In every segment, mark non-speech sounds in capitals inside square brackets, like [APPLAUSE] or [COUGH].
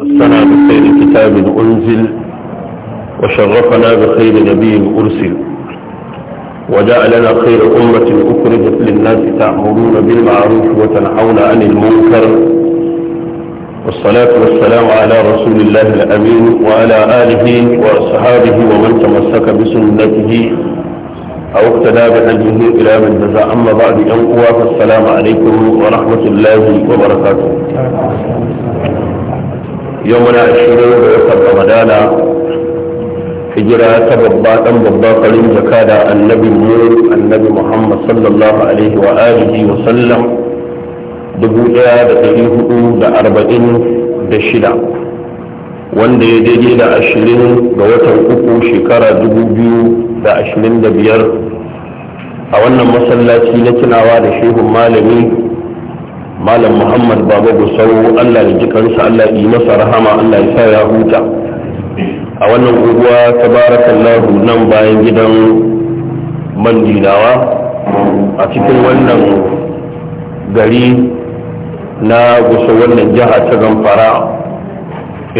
نفسنا بخير كتاب أنزل وشرفنا بخير نبي أرسل وجعلنا خير أمة أخرجت للناس تعمرون بالمعروف وتنحون عن المنكر والصلاة والسلام على رسول الله الأمين وعلى آله وأصحابه ومن تمسك بسنته أو اقتدى بهديه إلى من جزاء أما بعد أن فالسلام عليكم ورحمة الله وبركاته yau muna shirin da watan ramadana hijira ta babba dan babba farin jaka da annabi mu annabi muhammad sallallahu alaihi wa alihi wa sallam dubu daya da dari hudu da arba'in da shida wanda ya daidai da ashirin ga watan uku shekara dubu biyu da ashirin da biyar a wannan masallaci na tunawa da shehun malami malam muhammad baba gusau allah ya ji kansa allah yi masa rahama allah ya sa ya huta a wannan unguwa tabarakallahu nan bayan gidan mandinawa a cikin wannan gari na gusa wannan jiha ta zamfara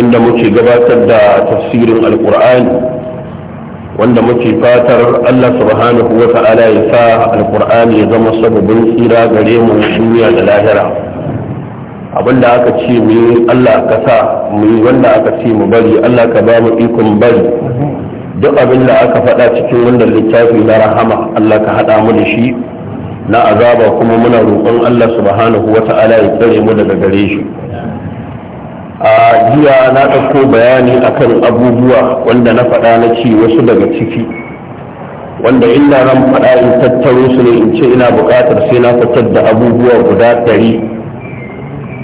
inda muke gabatar da tafsirin alkur'ani wanda muke fatar Allah subhanahu wa ta'ala ya sa alkur'ani ya zama sababin tsira gare mu duniya da lahira abinda aka ce mu yi Allah ka sa mu yi wanda aka ce mu bari Allah ka ba mu ikon bari duk abin da aka faɗa cikin wannan littafi na rahama Allah ka haɗa mu da shi na azaba kuma muna roƙon Allah subhanahu wa ta'ala ya tsare mu daga gare shi a jiya na ɗauko bayani akan abubuwa wanda na faɗa na ci wasu daga ciki wanda inda nan faɗa in tattaro su ne in ce ina buƙatar sai na fitar da abubuwa guda ɗari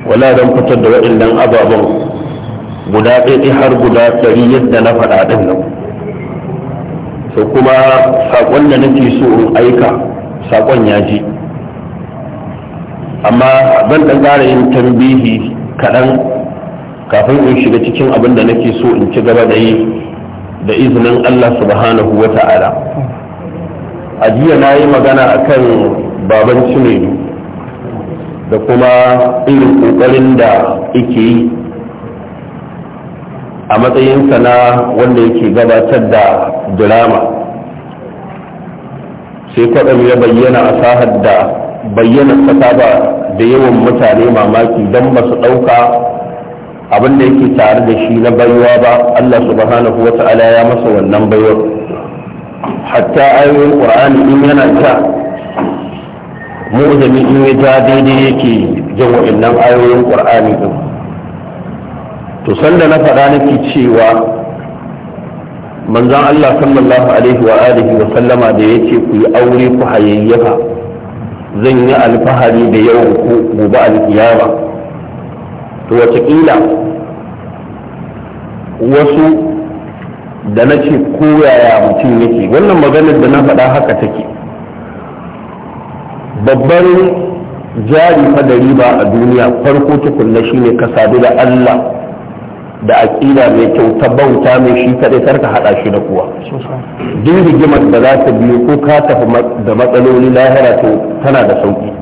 wala don fitar da waɗannan ababen guda ɗaiɗi har guda ɗari yadda na faɗa ɗin nan to kuma saƙon da nake so in aika saƙon ya je amma ban ɗan ƙara yin tambihi kaɗan kafin in shiga cikin abin da nake so in ci gaba da yi da izinin Allah subhanahu wa ta'ala a jiya na yi magana a kan baban ne da kuma irin kokarin da yake yi a matsayinsa na wanda yake gabatar da drama sai kwaɗam ya bayyana a sahar da bayyana ta da yawan mutane mamaki don ba su ɗauka abin da yake tare da shi na baiwa ba Allah subhanahu wa ya masa wannan baiwar hatta ayoyin qur'ani in yana ta mu'jami in ya ja daidai yake jin wa'annan ayoyin qur'ani din to sanda na faɗa nake cewa manzon Allah sallallahu alaihi wa alihi wa sallama da ya ce ku yi aure ku hayayyafa zan yi alfahari da yau ku gobe alkiyama to wataƙila wasu da na ce koyaya mutum yake wannan maganar da na faɗa haka take babban jari fa riba a duniya farko tukunna shine ka sadu da Allah da aƙida mai kyau ta bauta mai shi kaɗai karka haɗa shi da kuwa duk rigimar da za ta biyo ko ka tafi da matsaloli lahira to tana da sauƙi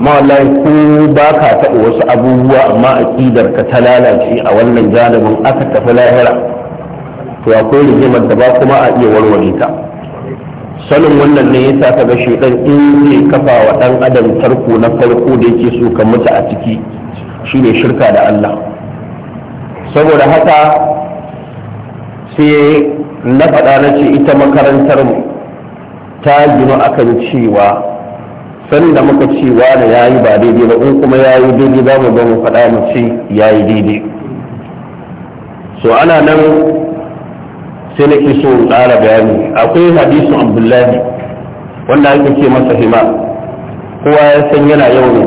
amma wallahi ko ba ka taɓa wasu abubuwa amma aƙidar ka ta lalace a wannan janibin aka tafi lahira to akwai rigimar da ba kuma a iya warware ta sanin wannan ne yasa ka ga shedan in zai kafa wa ɗan adam tarko na farko da yake so ka mutu a ciki shine shirka da Allah saboda haka sai na faɗa na ce ita makarantar mu ta gino akan cewa san da muka ce wani ya yi ba daidai ba in kuma ya yi daidai za mu mu faɗa mu ce ya yi daidai so ana nan sai nake so tsara bayani akwai hadisin abdullahi wanda ake ce masa hima kowa ya san yana yawan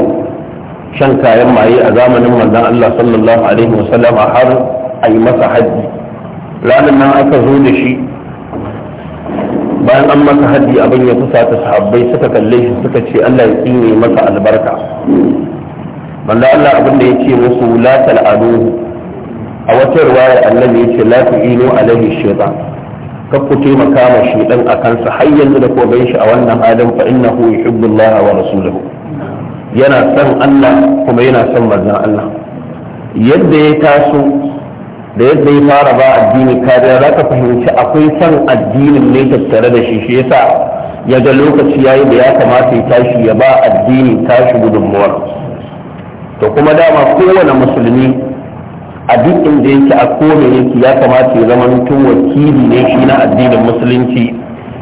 shan kayan maye a zamanin manzon Allah sallallahu alaihi wasallam har a yi masa haji ranar nan aka zo da shi bayan an masa haddi abin ya kusa ta sahabbai suka kalle shi suka ce Allah ya tsine masa albarka Banda Allah abin da ce musu la tal'anu a wata riwaya annabi ce la tu'inu alaihi shaytan kakku taimaka ma shaytan akan sa har yanzu da ko bai shi a wannan halin fa innahu yuhibbu Allah wa rasuluhu yana son Allah kuma yana son manzon Allah yadda ya taso da yadda ya fara ba addini kariya za ka fahimci akwai son addinin ne tattare da shi shi yasa ya ga lokaci ya yi da ya kamata ya tashi ya ba addini tashi gudunmuwar to kuma dama kowane musulmi a duk inda yake a kome yake ya kamata ya zama mutum wakili ne shi na addinin musulunci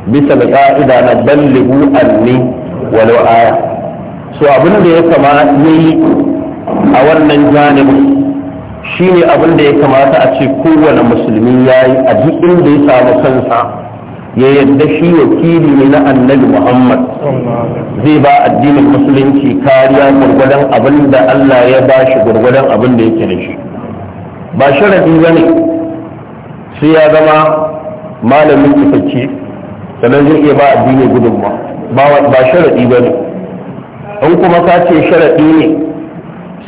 bisa ga ka'ida na ballighu anni walau aya so abin da ya kamata yayi a wannan janibin ne abin da ya kamata a ce kowane musulmi ya yi a duk inda ya samu kansa ya yadda shi wakili ne na annabi muhammad zai ba addinin musulunci kariya gurgudan abin da allah ya ba shi gurgudan abin da yake da shi ba sharadi ba ne sai ya zama malamin kitacce sannan zai iya ba addini gudunma ba sharaɗi ba ne in kuma ka ce sharadi ne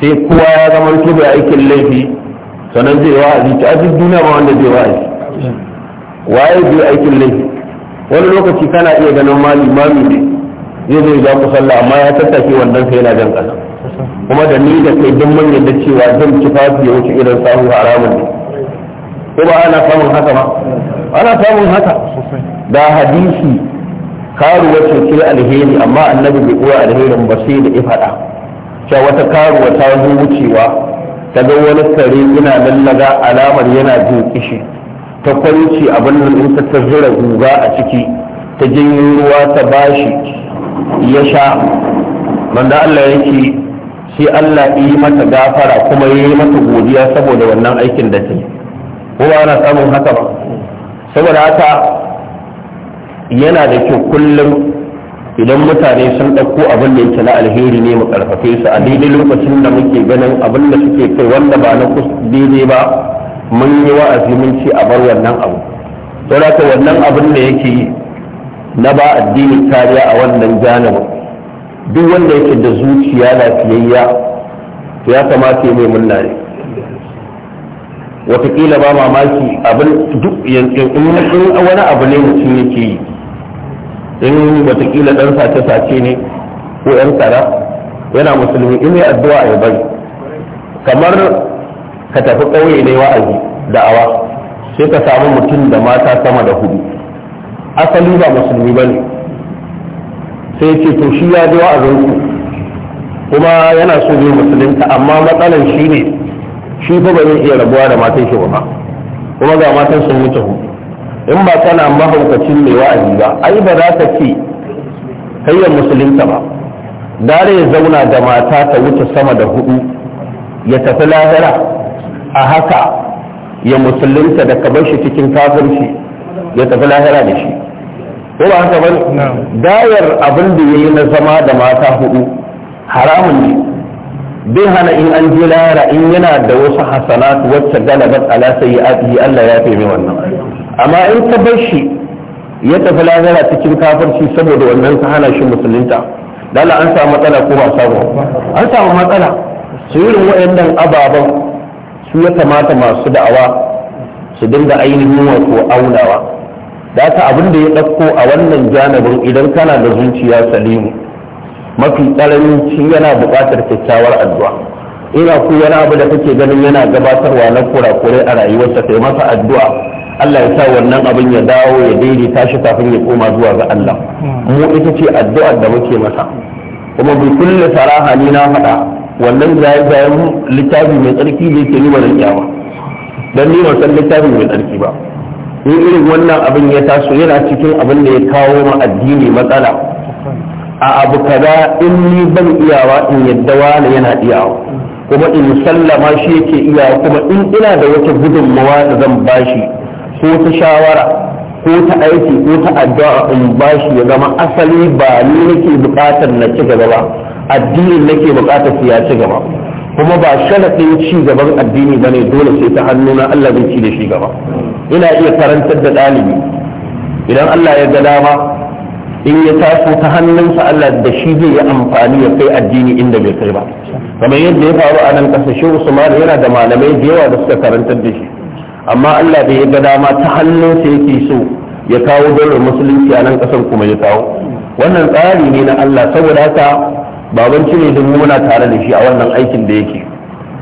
sai kowa ya zama to da aikin laifi sanan zai wa'azi ta duk duniya ba wanda zai wa'azi waye zai aikin laifi wani lokaci kana iya ganin mali mami ne zai zai ya ku sallah amma ya tattake wannan sai yana jan kasa kuma da ni da kai duk mun yadda cewa zan ci fasu ya wuce irin sahu haramun ne ko ba ana samun haka ba ana samun haka da hadisi karuwa ce alheri amma annabi bai koya alherin ba sai da ifada cewa wata karuwa ta zo wucewa ta ga wani kare yana lallaga alamar yana jin kishi ta kwanci abin nan in ta zura guga a ciki ta janyo ruwa ta bashi ya sha manda Allah yake sai Allah yi mata gafara kuma ya yi mata godiya saboda wannan aikin da ta yi kuma ana samun haka ba saboda haka yana da kyau kullum idan mutane sun ɗauko abin da yake na alheri ne mu ƙarfafe su a daidai lokacin da muke ganin abin da suke kai wanda ba na daidai ba mun yi wa'azi mun ce a bar wannan abu saboda wannan abin da yake yi na ba addinin kariya a wannan janar duk wanda yake da zuciya lafiyayya to ya kamata ya nemi na ne wataƙila ba mamaki abin duk yankin in wani abu ne mutum yake yi in watakila ɗan sace sace ne ko yan tsara yana musulmi in yi addu'a ya bari kamar ka tafi ƙauye ne wa'azi da'awa sai ka samu mutum da mata sama da hudu asali ba musulmi ba ne sai ce to shi ya ji wa'azin ku kuma yana so ne musulunta amma matsalan shi ne shi fa ba zai iya rabuwa da matan shi ba kuma ga matan sun mutu hudu in ba kana mahaukacin mai wa'azi ba ai ba za ka ce kayyar musulunta ba dare ya zauna da mata ta wuce sama da hudu ya tafi lahira a haka ya musulunta da kabar shi cikin kafirci ya tafi lahira da shi ko ba haka bane dayar abin da yayi na zama da mata hudu haramun ne bai hana in an je lahira in yana da wasu hasanat wacce galabat ala sayyi'atihi Allah ya fi mai wannan amma in ka bar shi ya tafi lahira cikin kafirci saboda wannan ka hana shi musulunta lalla an samu matsala ko ba samu an samu matsala su waɗannan ababen su ya kamata masu da'awa su dinga ainihin wato aunawa da ta abin da ya ɗauko a wannan janabin idan kana da zuciya salimu mafi shi yana buƙatar kyakkyawar addu'a ina ku wani abu da kake ganin yana gabatarwa na kurakurai a rayuwarsa kai masa addu'a Allah ya sa wannan abin ya dawo ya daidaita shi kafin ya koma zuwa ga Allah mu ita ce addu'ar da muke masa kuma bi kulli saraha ni na faɗa wannan zayen littafi mai tsarki da ke nuna kyawa dan ni ban san littafi mai tsarki ba in irin wannan abin ya taso yana cikin abin da ya kawo ma addini matsala a abu kaza in ni ban iyawa in yadda wani yana iyawa kuma in sallama shi yake iyawa kuma in ina da wata gudunmawa da zan bashi ko ta shawara ko ta aiki ko ta addu'a in bashi ya zama asali ba ni nake bukatar na ci gaba ba addinin nake bukatar ya ci gaba kuma ba sharaɗin ci gaban addini bane dole sai ta hannu na Allah zai ci da shi gaba ina iya karantar da ɗalibi idan Allah ya ga dama in ya taso ta hannunsa Allah da shi zai yi amfani ya kai addini inda bai kai ba kamar yadda ya faru a nan ƙasashe Usman yana da malamai da yawa da suka karantar da shi amma Allah da ya ga dama ta hannunsa yake so ya kawo dalar musulunci a nan kasar kuma ya kawo wannan tsari ne na Allah saboda haka baban cire don muna tare da shi a wannan aikin da yake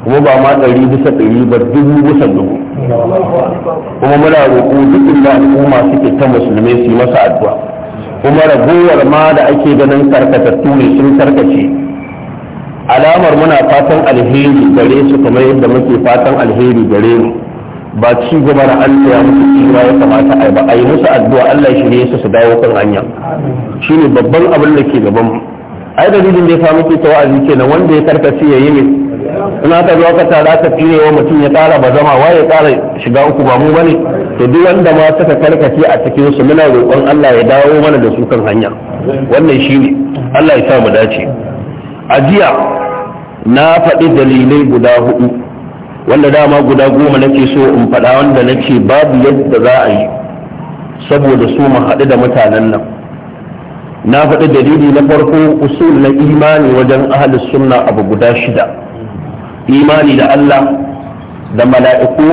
kuma ba ma ɗari bisa ɗari ba dubu bisa dubu kuma muna roƙo duk inda al'umma suke ta musulmai su yi masa addu'a kuma ragowar ma da ake ganin karkatattu ne sun karkace alamar muna fatan alheri gare su kamar yadda muke fatan alheri gare mu ba ci gaba da Allah ya musu tsira ya kamata a ba a yi musu addu'a Allah shi ne su su dawo kan hanya shine babban abin da ke gaban mu ai dalilin da ya samu ke tawazi kenan wanda ya karkace ya yi ne ina ka zo ka tara ka tsire wa mutum ya tsara ba zama wa ya tara shiga uku ba mu bane to duk wanda ma suka karkace a cikin su muna roƙon Allah ya dawo mana da su kan hanya wannan shine Allah ya sa mu dace a jiya na faɗi dalilai guda hudu wanda dama guda goma nake so in faɗa wanda nake babu yadda za a yi saboda su mu haɗu da mutanen nan na faɗi dalili na farko usul na imani wajen ahli sunna abu guda shida imani da Allah da mala'iku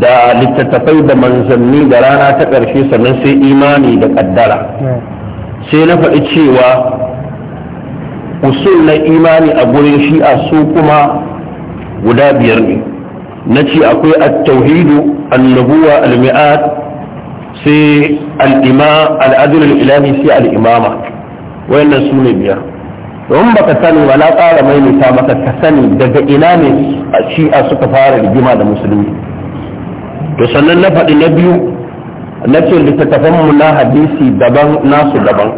da littattafai da manzanni da rana ta ƙarshe sannan sai imani da ƙaddara sai na faɗi cewa usul na imani a gurin shi'a su kuma guda biyar ne na ce akwai at-tauhidu annabuwa al-mi'at sai al-ima al-adl al-ilahi sai al-imama wayannan su ne biyar don baka sani ba na ƙara maimaita maka ka sani daga ina ne shi'a suka fara rigima da musulmi to sannan na faɗi na biyu na ce littattafanmu na hadisi daban nasu daban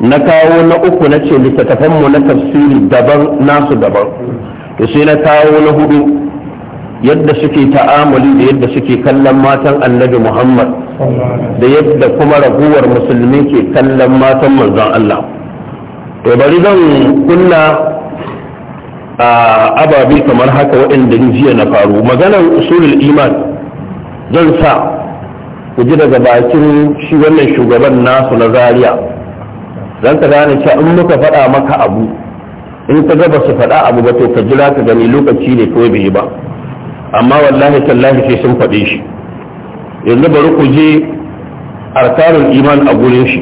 na kawo na uku na ce littattafanmu na tafsiri daban nasu daban to sai na kawo na hudu yadda suke ta'amali, da yadda suke kallon matan annabi muhammad da yadda kuma raguwar musulmi ke kallon matan manzon allah to bari zan kunna a ababe kamar haka waɗanda jiya na faru maganar usulul iman zan sa ku ji daga bakin shi wannan shugaban nasu na zaria zan ka gane cewa in muka faɗa maka abu in ka gaba su faɗa abu ba to ka jira ka gani lokaci ne kawai bai yi ba amma wallahi tallahi sai sun faɗe shi yanzu bari ku je arkanun iman a gurin shi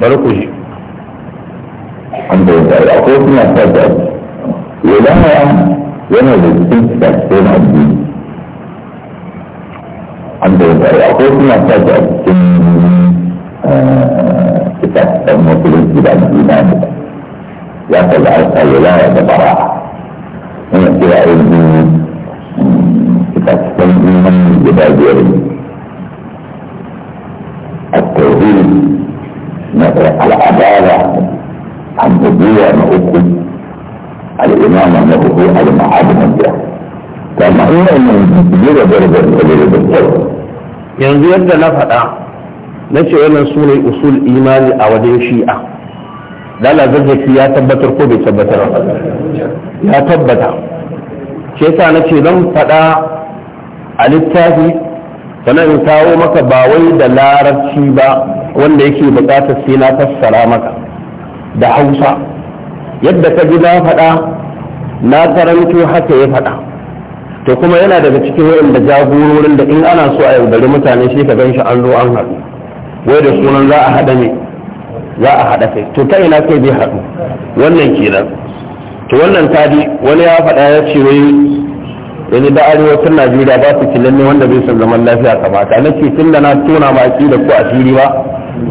bari ku je akwai suna fata yana yana da cikin sakon addini an da akwai suna fata a cikin المسلم يبقى الإيمان ياخذ على الولاية ببراعة هنا كده الدين يبقى تستنزل يبقى يرمي التوحيد العدالة النبوة نقول الإمامة نقول المعادن الجاهل كما هو أن يجب درجة الإلهي بالجوة yanzu yadda na faɗa na ce wannan su ne usul imani a wajen shi'a lala zazzaki ya tabbatar ko bai tabbatar ya tabbata ke sa na ce zan faɗa a littafi sannan in kawo maka ba wai da larabci ba wanda yake buƙatar sai na fassara maka da hausa yadda ka ji na faɗa na karanto haka ya faɗa to kuma yana daga cikin waɗanda jagororin da in ana so a yaudari mutane shi ka gan shi an zo an haɗu wai da sunan za a haɗa ne za a haɗa kai to ta ina kai bai haɗu wannan kenan to wannan tadi wani ya faɗa ya ce wai wani da arewacin najeriya ba su kilan ne wanda bai san zaman lafiya kamata na ce tun da na tona ma da ko asiri ba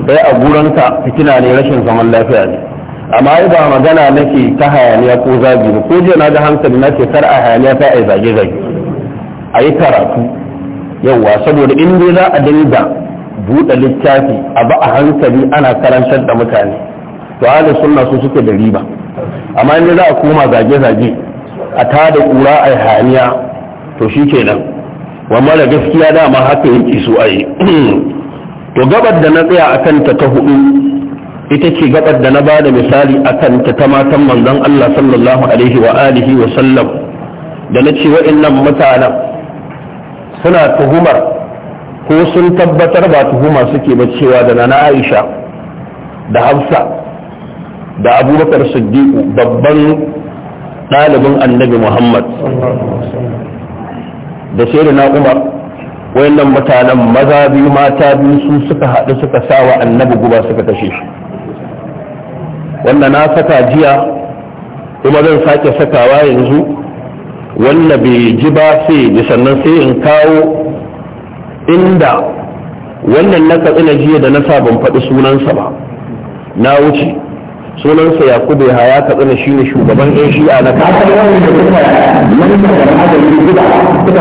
sai a ka fitina ne rashin zaman lafiya ne amma ai ba magana nake ta hayaniya ko zagi ba ko je na ga hankali na ce kar a hayaniya ta ai zage zage a yi karatu yauwa saboda in dai za a dinga buɗe littafi a ba a hankali ana karantar da mutane to ahlus sunna su suke da riba amma in za a koma zage-zage a tada kura a haniya to shi nan wa mara gaskiya dama haka yake so a yi [CLEARS THROAT] to gabar da na tsaya a kanta ta hudu ita ce gabar da na bada misali a kanta ta matan manzon Allah sallallahu alaihi wa alihi wa sallam da na ce wa'annan mutanen suna tuhumar ko sun tabbatar ba tuhuma suke ba cewa da nana aisha da hafsa da abubakar siddiqu babban ɗalibin annabi muhammad da sai da na umar wayannan mutanen maza biyu mata biyu su suka haɗu suka sawa annabi guba suka kashe shi wannan na saka jiya kuma zan sake sakawa yanzu wannan bai ji ba sai sannan sai in kawo inda wannan na katsina jiya da na sabon faɗi sunansa ba na wuce sunansa yakubu ya haya katsina shi ne shugaban yan shi'a na ka ba da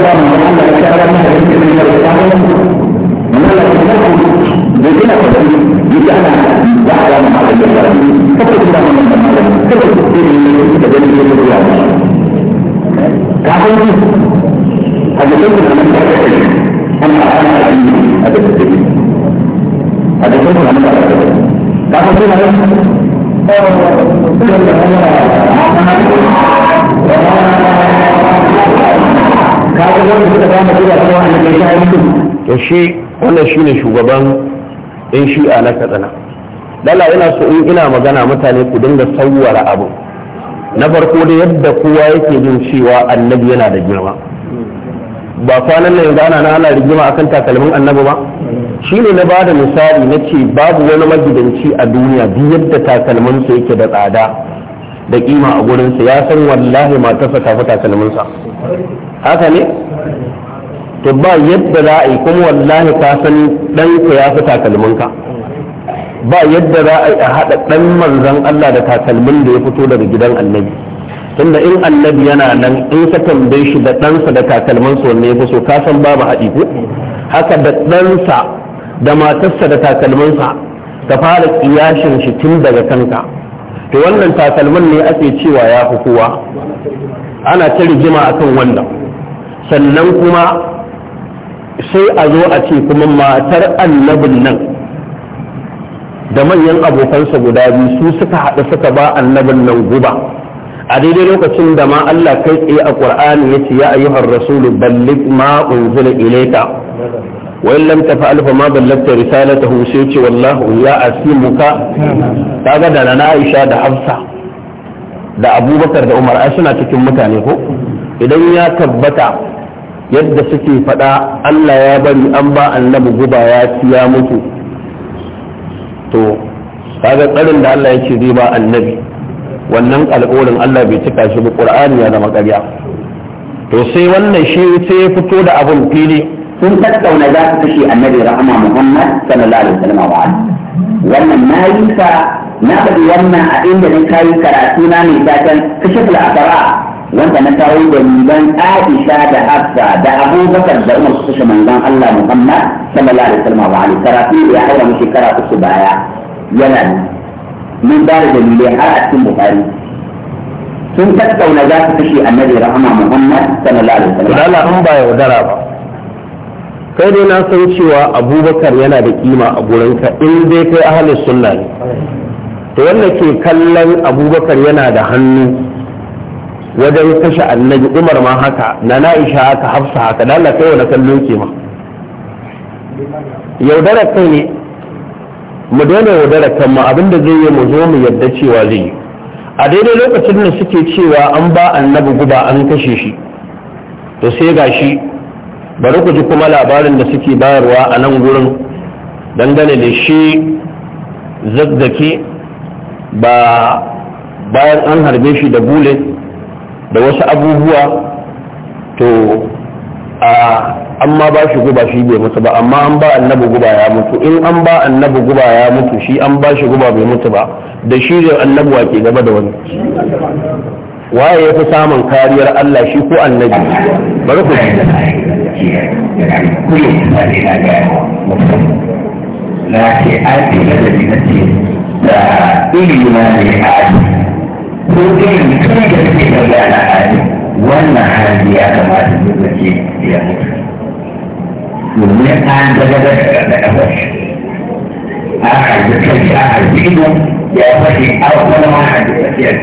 kafin shi wannan shi ne shugaban in shi'a na katsina lala yana so in ina magana mutane ku dinga sauwara abu na farko da yadda kowa yake jin cewa annabi yana da girma ba kwanan nan gana na ana rigima akan takalmin annabi ba shi ne na bada misali na ce babu wani magidanci a duniya duk yadda takalminsa yake da tsada da kima a gurinsa ya san wallahi matarsa tafi takalminsa haka ne to ba yadda za a yi kuma wallahi ka san ɗanka ya fi takalminka ba yadda za a yi a haɗa ɗan manzan Allah da takalmin da ya fito daga gidan annabi tunda in annabi yana nan in ka tambaye shi da ɗansa da takalman wanne ya fi so ka san babu haɗi ko haka da ɗansa da matarsa da takalmansa ka fara kiyashin shi tun daga kanka to wannan takalman ne ake cewa ya fi kowa ana ta rigima akan wannan sannan kuma sai a zo a ce kuma matar annabin nan da manyan abokansa guda biyu su suka haɗu suka ba annabin nan guba a daidai lokacin da ma Allah kai tsaye a Qur'ani yace ya ayyuhar rasul balligh ma unzila ilayka wa in lam taf'al fa ma ballagta risalatahu sai ce wallahu ya asimuka kaga da na Aisha da Hafsa da Abubakar da Umar ai suna cikin mutane ko idan ya tabbata yadda suke faɗa Allah ya bari an ba annabi guba ya ya mutu to kaga tsarin da Allah yake zai ba annabi wannan alƙawarin Allah bai cika shi ba Qur'ani ya zama ƙarya to sai wannan shi sai ya fito da abun fili sun tattauna za su kashe annabi rahama Muhammad sallallahu alaihi wasallam wa wannan na yi sa na bari wannan a inda na kayi karatu na mai fatan kashe al'akara wanda na kawo dalilan Aisha da Hafsa da Bakar da Umar su kashe manzon Allah Muhammad sallallahu alaihi wasallam wa karatu ya haura mu shekara uku baya yana mun ba da dalilai har a cikin sun tattauna za su kashe annabi rahama muhammad sallallahu alaihi wasallam lala an ba yaudara ba kai dai na san cewa abubakar yana da kima a gurinka in dai kai ahalin sunna ne to wanda ke kallon abubakar yana da hannu wajen kashe annabi umar ma haka na na'isha haka hafsa haka da Allah kai wani kallon ke ma yaudarar kai ne mu daina yaudara abin da zai yi mu zo mu yadda cewa zai yi a daidai lokacin da suke cewa an ba annabi guba an kashe shi to sai gashi bari ku ji kuma labarin da suke bayarwa a nan gurin dangane da shi zazzake ba bayan an harbe shi da bullet da wasu abubuwa to an ma ba shi guba shi bai mutu ba amma an ba annabi guba ya mutu in an ba annabi guba ya mutu shi an ba shi guba bai mutu ba da shi ne annabi wa ke gaba da wani waye ya fi samun kariyar Allah shi ko annabi bari ku na ce ake da da ce da ilima ne a ko irin kai da suke da na hali wannan hali ya kamata lokaci ya mutu domin an gaba da kafar a harbi kai a harbi ido ya fashe a wani ma harbi tafiyar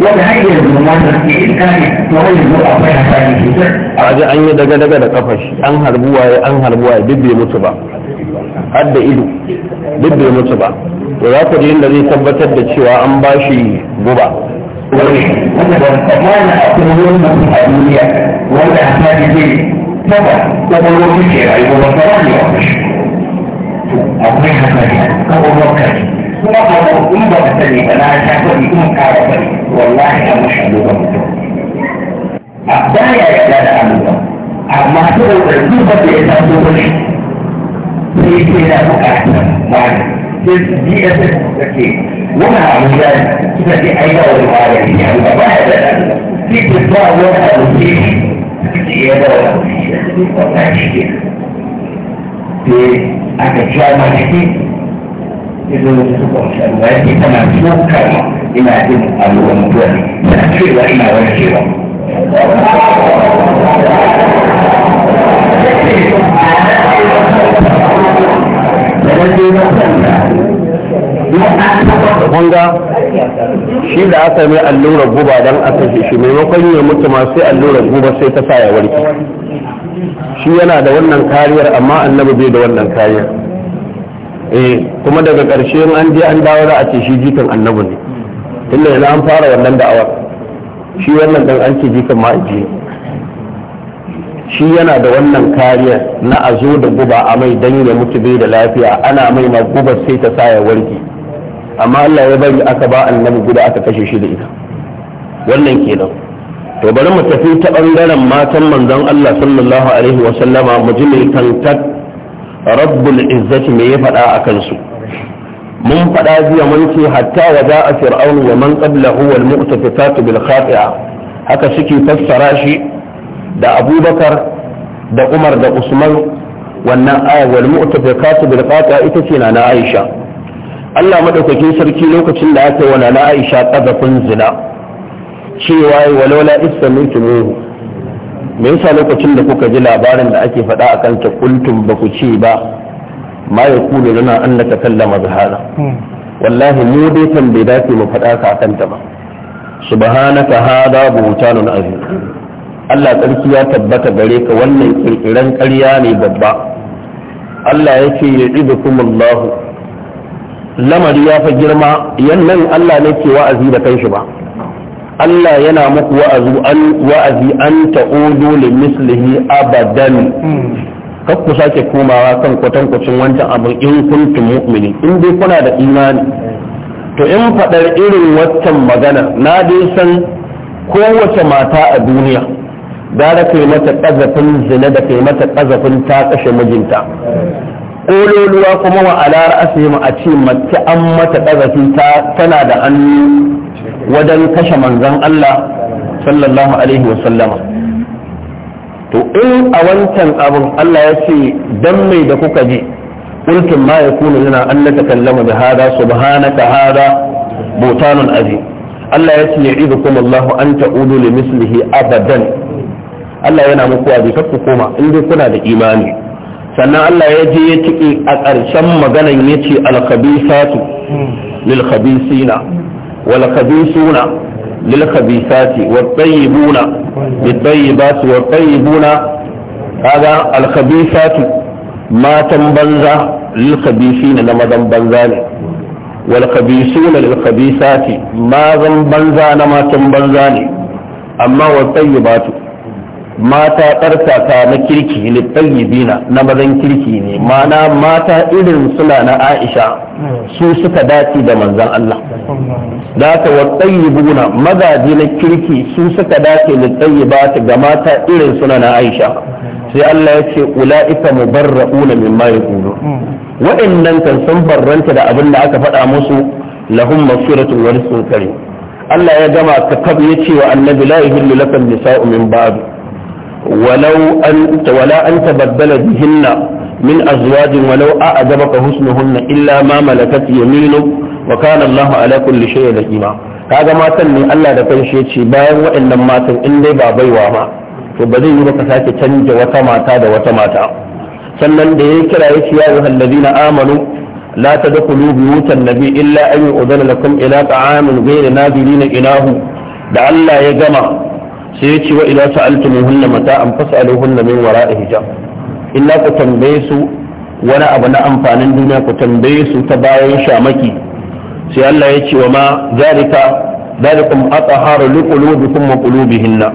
wanda hanyar da ma da suke iskari to har yanzu akwai hasari sosai a ji an yi daga daga da kafar an harbi waye an harbi waye duk bai mutu ba har da ido duk bai mutu ba to za ku ji inda zai tabbatar da cewa an bashi guba وكان أقولون في الأدوية والأحسان دي كذا تقولون في شيء أي مبطران يومش أقريها ثانية أقول وكذا وقالوا إذا بسلي أنا أشعر بكم كعرفني والله أنا مشهد ومدر أبدايا يا جانا أمدر أما تقول الزوبة بإنسان دوبش في كده مكاحسن معنا في دي أسف ذكي ومع مجال كده في حاجة والعالم يعني واحد في بطاع وضع وزيش زيادة ولا مزيش في أكتشار مجدي إذا تتوقع الأموال دي تمام سوكا إما أدين ألوه مدوني سأشير وإما ونشيره Thank you. wanga shi da aka mai allurar guba don aka shi shi maimakon ya mutu masu allurar guba sai ta sa ya warke shi yana da wannan kariyar amma annabi bai da wannan kariyar eh kuma daga ƙarshe an je an dawo za a ce shi jikan annabi ne tunda yana an fara wannan da'awar shi wannan dan an ce jikan ma'aji shi yana da wannan kariyar na a zo da guba a mai dan ya mutu bai da lafiya ana mai na guba sai ta sa ya warke amma Allah ya bari aka ba annabi guda aka kashe shi da ita wannan kenan to bari mu tafi ta bangaren matan manzon Allah sallallahu alaihi wa sallama mujmi tantat rabbul izzati me ya faɗa akan su mun faɗa jiya mun ce hatta wa a fir'aun wa man qablahu wal mu'tafikat bil khati'a haka suke fassara shi da abubakar da umar da usman wannan aya wal mu'tafikat bil khati'a ita ce na aisha Allah madaukakin sarki lokacin da aka wa na Aisha kazafin zina cewa walaula istamituhu me yasa lokacin da kuka ji labarin da ake faɗa a kanta kuntum ba ku ce ba ma ya kulu lana an da kallama bihada wallahi mu dai bai dace mu faɗa ka kanta ba subhanaka hada buhtanun azim Allah tsarki ya tabbata gare ka wannan kirkiran ƙarya ne babba Allah ce ya idukum Allahu lamari ya fa girma yannan Allah ne ke wa'azi da kanshi ba Allah yana muku wa'azu an wa'azi an ta'udu li mislihi abadan kar ku sake komawa kan kwatankwacin wancan abin in kuntum mu'mini in dai kuna da imani to in faɗar irin waccan magana na dai san kowace mata a duniya gara kai mata ƙazafin zina da kai mata ƙazafin ta kashe mijinta kololuwa kuma wa alara asihim a ce mace an mata ƙazafi ta tana da hannu wajen kashe manzon Allah sallallahu alaihi wa sallama to in a wancan abin Allah ya ce dan mai da kuka ji qultum ma yana lana an natakallama bi hada subhanaka hada butanun aji. Allah ya ce kuma Allah an ta'udu li mislihi abadan Allah yana muku abi kakku koma in dai kuna da imani sannan Allah ya je ya ciki a ƙarshen maganan ya ce alkhabisatu lil khabisina wal khabisuna lil khabisati wat tayyibuna bit tayyibati wat tayyibuna kaga al khabisatu matan banza lil khabisina na mazan banza ne wal khabisuna lil khabisati mazan banza na matan banza ne amma wat tayyibatu mata tsarkaka na kirki littayyibina na mazan kirki ne mana mata irin suna na aisha su suka dace da manzan Allah da haka wattayyibuna mazaje na kirki su suka dace littayyibata ga mata irin suna na aisha sai Allah ya ce ula'ika mubarra'una mimma yaqulu wa'annan kan sun barranta da abin da aka faɗa musu lahum maghfiratun wa rizqun karim Allah ya gama ka kabe ya ce wa annabi la yuhillu lakum nisa'u min ba'd ولو أن ولا أن تبدل بهن من أزواج ولو أعجبك حسنهن إلا ما ملكت يمينك وكان الله على كل شيء رقيبا kaga matan ne Allah da kanshi ya ce bayan waɗannan matan in dai ba baiwa ma to ba zai yi ba ka sake canja wata mata da wata mata sannan da ya kira ya ce ya ayyuhal na amanu la tadkhulu buyutan nabi illa an yu'dhana lakum ila ta'amin ghayri nadirin inahu da Allah ya gama sai ya ce wa ila sa'altumuhunna mata'an fas'aluhunna min wara'i hijab illa ku tambaye su wani abu na amfanin duniya ku tambaye su ta bayan shamaki sai Allah ya ce wa ma zalika zalikum atahharu liqulubikum wa qulubihinna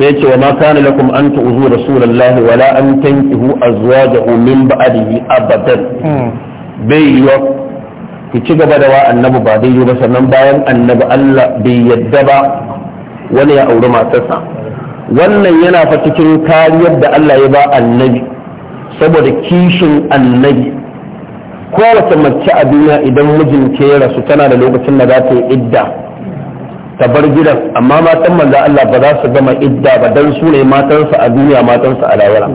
sai ya ce wa ma kana lakum an tu'zu rasulullahi wala an tankihu azwajahu min ba'dihi abadan bai yiwa ku ci gaba da wa annabi ba dai ba sannan bayan annabi Allah bai yadda ba wani ya auri matarsa wannan yana fa cikin kariyar da Allah ya ba annabi saboda kishin annabi kowace mace a duniya idan mijinta ya rasu tana da lokacin da za ta yi idda ta bar gidan amma matan manzo Allah ba za su gama idda ba dan su ne matansa a duniya matansa a lahira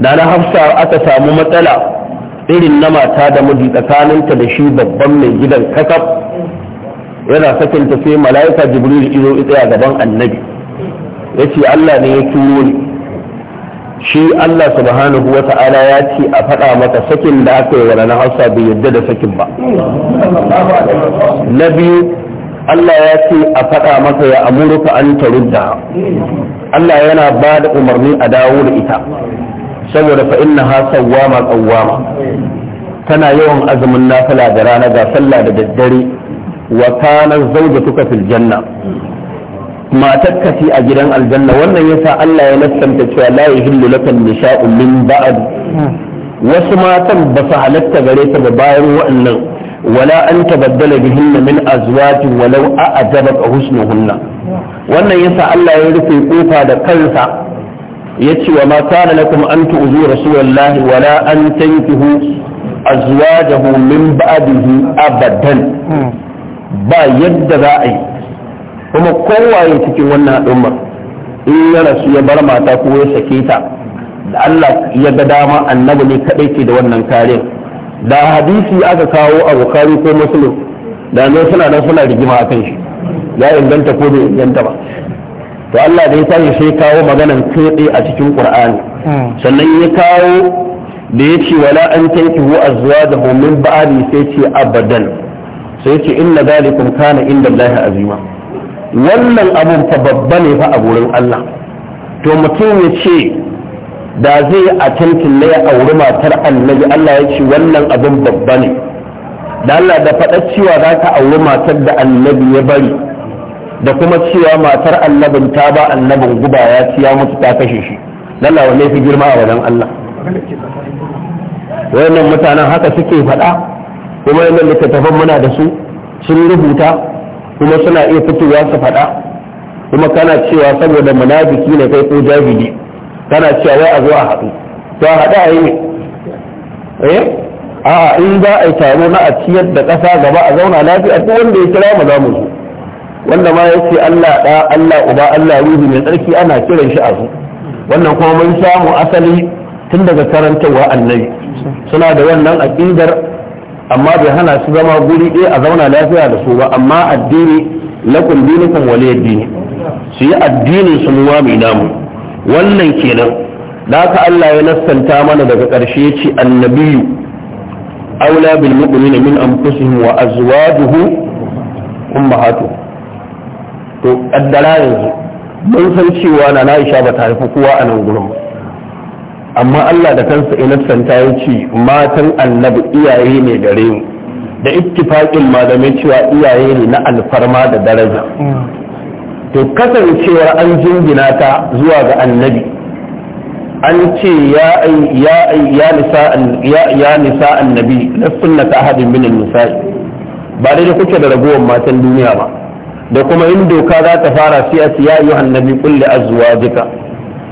da na hafsa aka samu matsala irin na mata da miji tsakaninta da shi babban mai gidan kakaf yana sakin ta sai mala'ika jibril izo tsaya gaban annabi yace Allah ne ya turo ni shi Allah subhanahu wa ta'ala ya ce a faɗa maka sakin da aka yi na Hausa bai yadda da sakin ba na biyu Allah ya ce a faɗa maka ya amurka an tarudda Allah yana ba da umarni a dawo da ita saboda fa inna ha sawwama qawwama tana yawan azumin nafila da rana ga sallah da daddare wa kana suka fil janna matakka ce a gidan aljanna wannan yasa Allah ya nassanta cewa la yahillu laka nisha'u min ba'd wasu matan ba su halatta gare ba bayan wa'annan wala an tabaddala bihinna min azwajin walau a'jabaka husnuhunna wannan yasa Allah ya rufe kofa da kansa yace mata ma kana lakum an tu'zu rasulullahi wala an min abadan ba yadda za a yi kuma kowaye cikin wannan al'umma in ya rasu ya bar mata ko ya sake ta da Allah ya ga dama annabi ne kadai ke da wannan kariyar da hadisi aka kawo a bukari ko muslim da ne suna nan suna rigima a kan shi ya inganta ko bai inganta ba to Allah dai ya tashi sai kawo maganan kai a cikin Qur'ani sannan ya kawo da ya ce wala an hu azwajahu min ba'di sai ce abadan sai yace inna zalikum kana inda Allah azima wannan abun fa babba ne fa a gurin Allah to mutum ya ce da zai a tantin na ya auri matar annabi Allah ya ce wannan abun babba ne da Allah da faɗa cewa za ka auri matar da annabi ya bari da kuma cewa matar annabin ta ba annabin guba ya ci ya mutu ta kashe shi lalla wanne fi girma a wajen Allah wannan mutanen haka suke faɗa kuma yana littattafan muna da su sun rubuta kuma suna iya fitowa su faɗa kuma kana cewa saboda munafiki ne kai ko jahili kana cewa wai a zo a haɗu to a haɗu a yi eh a in za a yi taro na a ciyar da ƙasa gaba a zauna lafiya duk wanda ya kira mu za mu zo wanda ma yace Allah da Allah uba Allah ruhu mai tsarki ana kiran shi a zo wannan kuma mun samu asali tun daga karantarwa annabi suna da wannan aƙidar amma bai hana su zama guri ɗaya a zauna lafiya da su ba amma addini lakum dinukum wali addini su yi addinin su mai namu wannan kenan da haka Allah ya nassanta mana daga ƙarshe ya ce annabiyu aula bil mu'minin min anfusihim wa azwajuhu ummahatu to kaddara yanzu mun san cewa na Aisha ba ta haifi kowa a nan gurin ba amma Allah da kansa ta ya ce matan annabi iyaye ne gare mu da ittifaqin malamai cewa iyaye ne na alfarma da daraja to kasancewar an jingina ta zuwa ga annabi an ce ya ya ya nisa ya ya nisa annabi la sunnata ahadin min nisa'i ba dai kuke da ragowar matan duniya ba da kuma in doka za ta fara sai ya yi annabi kulli azwajika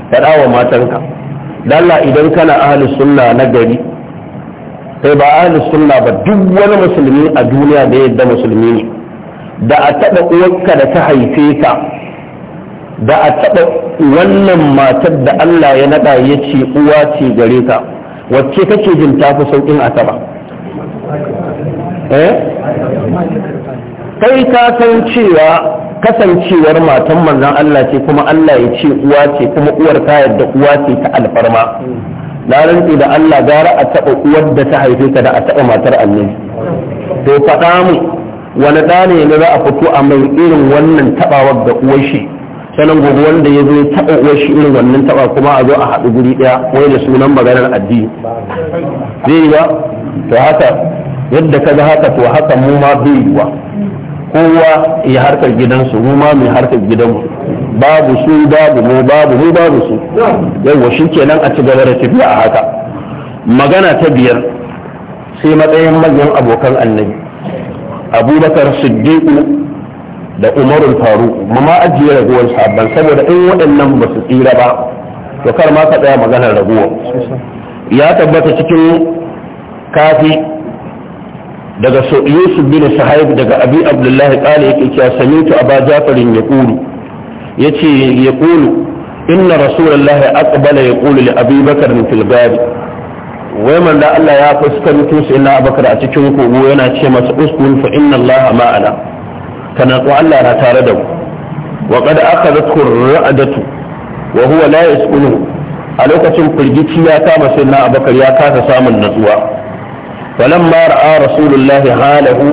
faɗa wa matanka dalla idan kana ahli sunna na gari sai ba ahli sunna ba duk wani musulmi a duniya da yadda musulmi ne da a taɓa uwarka da ta haife ka da a taɓa wannan matar da Allah ya naɗa ya ce uwa ce gare ka wacce kake jin tafi sauƙin a taɓa eh? kai ka san cewa kasancewar matan manzan Allah ce kuma Allah ya ce uwa ce kuma uwar ta yadda uwa ce ta alfarma na rantsi da Allah gara a taɓa uwar da ta haife ta da a taɓa matar annabi to faɗa mu wani ɗa ne na za a fito a mai irin wannan taɓawar da uwar shi sanan gobe wanda ya zo ya taɓa uwar shi irin wannan taɓa kuma a zo a haɗu guri ɗaya wai da sunan maganar addini zai yi ba to haka yadda ka ga haka to haka mu ma bai yiwa kowa ya harkar gidansu mu ma mai harkar gidanmu babu su babu mu babu mu babu su yawa shi kenan a ci gaba da tafiya a haka magana ta biyar sai matsayin manyan abokan annabi abubakar siddiqu da umarul faru mu ma ajiye raguwar sabban saboda in waɗannan ba su tsira ba to kar ma ka tsaya maganar raguwa ya tabbata cikin kafi daga yusuf bin sahib daga abi abdullahi kala yake cewa samitu aba jafarin ya kulu ya ce ya kulu inna rasulullahi aqbala ya kulu li abi bakar fil gari wai manzo Allah ya fuskanto sai na abakar a cikin kogo yana ce masa uskun fa inna Allah ma'ana kana ko Allah na tare da mu wa qad akhadhatku ra'adatu wa huwa la yasqulu a lokacin firgici ya kama sai na abakar ya kasa samun natsuwa falamma ra'a rasulullahi halahu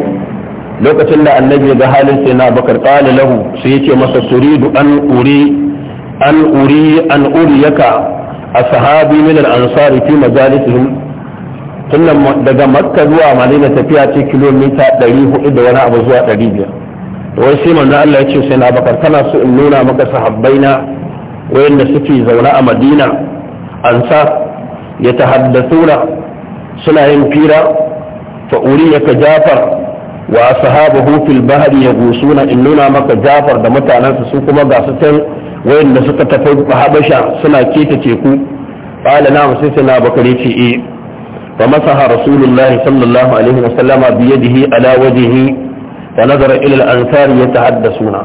lokacin da annabi ya ga halin sai na bakar qala lahu sai yace masa turidu an uri yaka a sahabi uriyaka ashabi min tun daga makka zuwa madina tafiya ce kilomita 400 da wani abu zuwa 500 wai sai manzo Allah ya ce sai na bakar so in nuna maka sahabbaina wayanda suke zaune a madina ansa ya ansar yatahaddathuna suna yin fira fa ka jafar wa ashabahu fil bahri gusuna in nuna maka jafar da mutanensa su kuma ga su can wayanda suka tafi habasha suna keta teku qala na sai sai na bakare ce eh fa masaha rasulullahi sallallahu alaihi wa sallama bi yadihi ala wajhihi da nazara ila al-ansar yatahaddasuna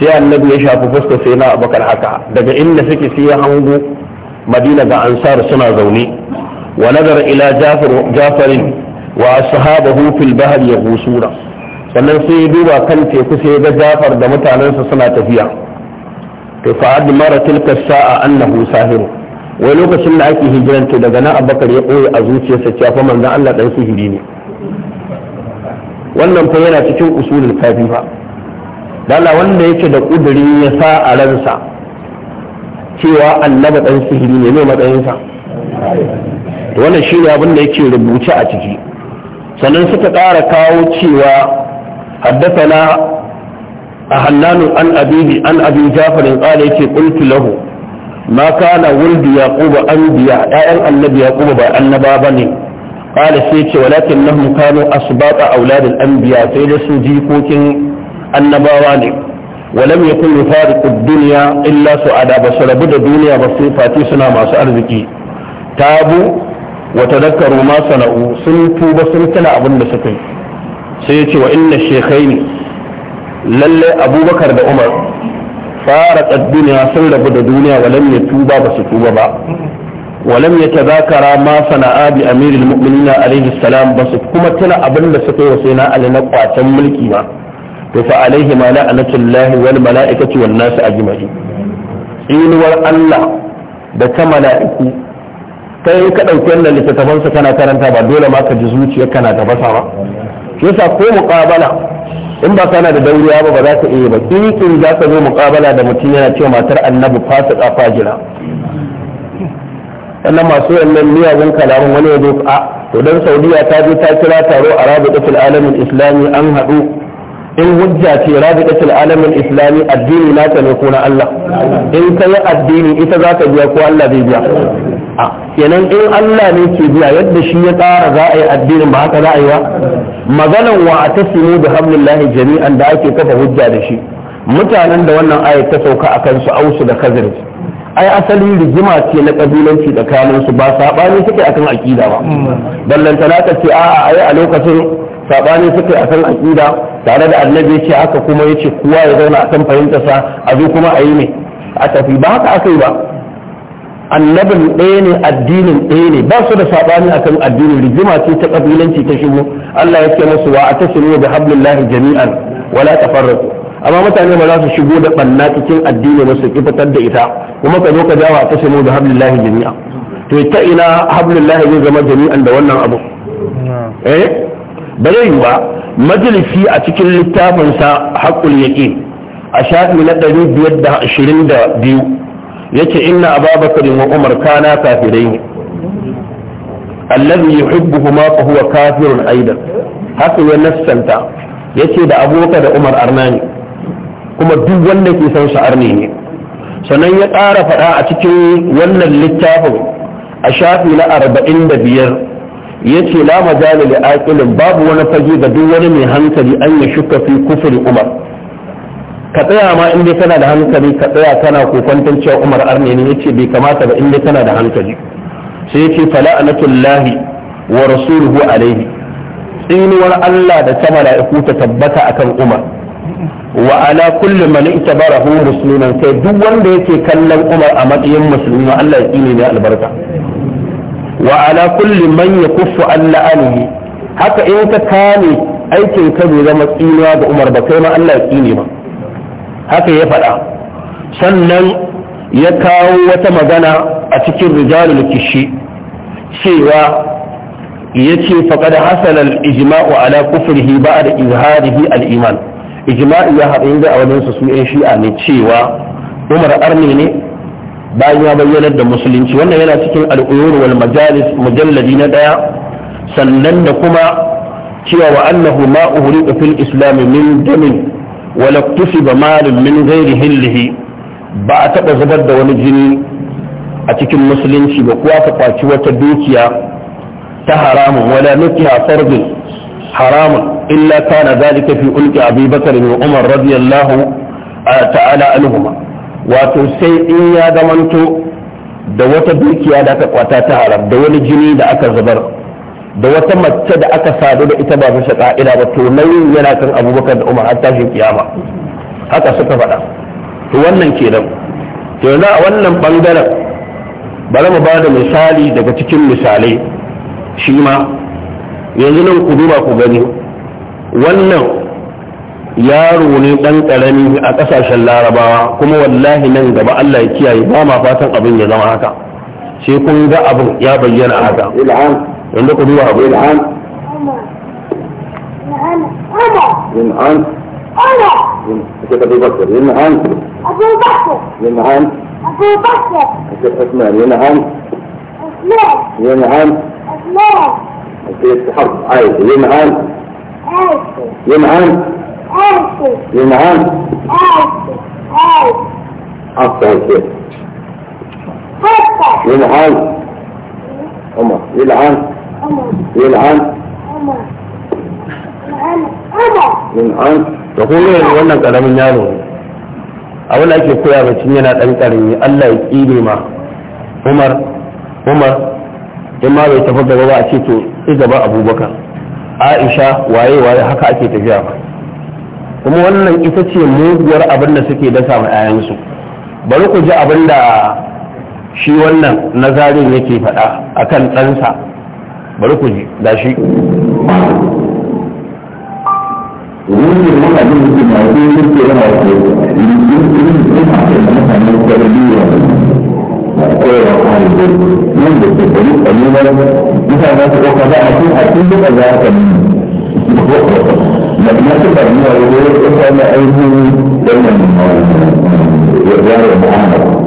sai annabi ya shafi fuska sai na abakar haka daga inda suke sai ya hango madina ga ansar suna zaune ونظر إلى جعفر wa وأصحابه في البحر يغوصون sannan sai ya duba kan teku sai ya ga Jafar da mutanensa suna tafiya to fa admara tilka sa'a annahu sahiru wai lokacin da ake hijiranta to daga nan Abubakar ya koyi a zuciyarsa cewa fa manzon Allah dan sihiri ne wannan fa yana cikin usulul kafi fa dala wanda yake da kudiri ya sa a ransa cewa annaba dan sihiri ne ne matsayinsa wannan shi ne abin da yake rubuce a ciki sannan suka kara kawo cewa haddasana a hannanin an abin an abin jafarin tsara yake ƙulki lahu ma kana wuldu ya ɗayan annabi ya ƙuba ba annaba ba ne ƙala sai ce walakin nahu kano asbaƙa auladin an biya sai da su jikokin annabawa ne walam ya kun rufari duniya illa su ada ba su rabu da duniya ba sai fati suna masu arziki tabu wa tadakkaru ma sana'u sun tuba sun tana abin da suka sai ya ce wa inna shekhaini lallai abubakar da umar fara duniya sun rabu da duniya walam ya tuba ba su tuba ba walam ya tazakara ma sana'a bi amirul mu'minina alaihi salam ba su kuma tana abin da suka wa sai na ali na kwacen mulki ba to fa alaihi ma la'anatullahi wal mala'ikati nasu a gimari inuwar Allah da ta mala'iku sai ka ɗauki wannan littattafan su kana karanta ba dole ma ka ji zuciya kana tafasa ba shi yasa ko muqabala in ba kana da dauriya ba ba za ka iya ba kirikin za ka zo muqabala da mutum yana cewa matar annabi fasika fajira sannan masu wannan miyagun kalamin wani ya zo a to dan saudiya ta je ta kira taro a rabi'atul alamin islami an haɗu in hujja ce rabi'atul alamin islami addini nata ne ko na Allah in ka yi addini ita za ka biya ko Allah zai biya kenan in Allah ne ke biya yadda shi ya tsara za a yi addinin ba haka za a yi ba maganan wa a tasimu da hamdulillahi jami'an da ake kafa hujja da shi mutanen da wannan ayat ta sauka a su ausu da kazir ai asali rigima ce na kabilanci tsakanin su ba sabani suke akan akida ba ballantana ka ce a'a ai a lokacin sabani suke akan akida tare da annabi ce haka kuma ya ce kowa ya zauna akan fahimtarsa a zo kuma a yi ne a tafi ba haka aka yi ba annabin ɗaya ne addinin ɗaya ne ba su da saɓani akan addini rigima ce ta ƙabilanci ta shigo Allah ya ce musu wa atasimu bi hablillahi jami'an wala tafarraqu amma mutane ba za su shigo da banna cikin addini ba su ki da ita kuma ka zo ka dawo atasimu bi hablillahi jami'an to ta ina hablillahi zai zama jami'an da wannan abu eh ba zai yi ba majalisi a cikin littafinsa haqqul yaqin a shafi na 522 yace inna ababakar wa umar kana kafirai allazi yuhibbuhuma fa huwa kafirun aidan haka ya nassanta yace da abubakar da umar arnani kuma duk wanda ke san su arni ne sannan ya ƙara faɗa a cikin wannan littafin a shafi na arba'in da biyar ya ce la majali babu wani fage ga duk wani mai hankali an ya shuka fi kufuri umar ka tsaya ma in dai kana da hankali ka tsaya kana kokwantar cewa Umar Arne ne yace bai kamata ba in dai kana da hankali sai yace fala'anatullahi wa rasuluhu alaihi tsinuwar Allah da ta mala'iku ta tabbata akan Umar wa ala kulli man itabarahu musliman sai duk wanda yake kallon Umar a matsayin musulmi Allah ya tsine ne albarka wa ala kulli man yakuffu an la'anihi haka in ka kame aikin ka bai zama tsinuwa ga Umar ba kai ma Allah ya tsine ba haka ya faɗa sannan ya kawo wata magana a cikin rijalul kishi cewa ya ce da Hassanal ijma'u ala kufurhi ba da izharihi al'iman ijma'i ya haɗu yanzu a wajen su yan shi'a ne cewa umar arni ne bayan ya bayyanar da musulunci wannan yana cikin al'uyur wal majalis mujalladi na ɗaya sannan da kuma cewa wa annahu ma uhriqa fil islam min damin wala tusiba malin min ghairi hillihi ba a taba zubar da wani jini a cikin musulunci ba kuwa ta kwaci wata dukiya ta haramun wala nukiha fardin haramun illa kana zalika fi ulki abi bakar wa umar radiyallahu ta'ala anhuma wato sai in ya zamanto da wata dukiya da aka kwata ta haram da wani jini da aka zubar da wata mace da aka sadu da ita ba bisa ka'ida ba to yana kan abubakar da umar har tashin kiyama haka suka faɗa to wannan kenan to yanzu a wannan bangaren bari mu ba da misali daga cikin misalai shi ma yanzu nan ku duba ku gani wannan yaro ne ɗan ƙarami a ƙasashen larabawa kuma wallahi nan gaba allah ya kiyaye ba ma fatan abin ya zama haka sai kun ga abin ya bayyana haka عندكم هو أبو إلحان ينعان الشيخ أبو بكر ينعان أبو بكر ينعان أبو بكر الشيخ عثمان ينعان عثمان ينعان عثمان الشيخ حرب عايشة ينعان عايشة ينعان عايشة ينعان عايشة عايشة حتى الشيخ عمر ينعان عمر yal'an da kuma wannan karamin yaro ne abin ake koya bacin yana ɗan karami Allah ya ƙire ma Umar Umar ma bai tafi gaba ba a ce to sai gaba Abubakar Aisha waye waye haka ake tafiya ba kuma wannan ita ce muguwar abin da suke dasa ma 'ya'yansu bari ku ji abin da shi wannan nazarin yake faɗa akan ɗansa bari ku ji gashi wani da muhammad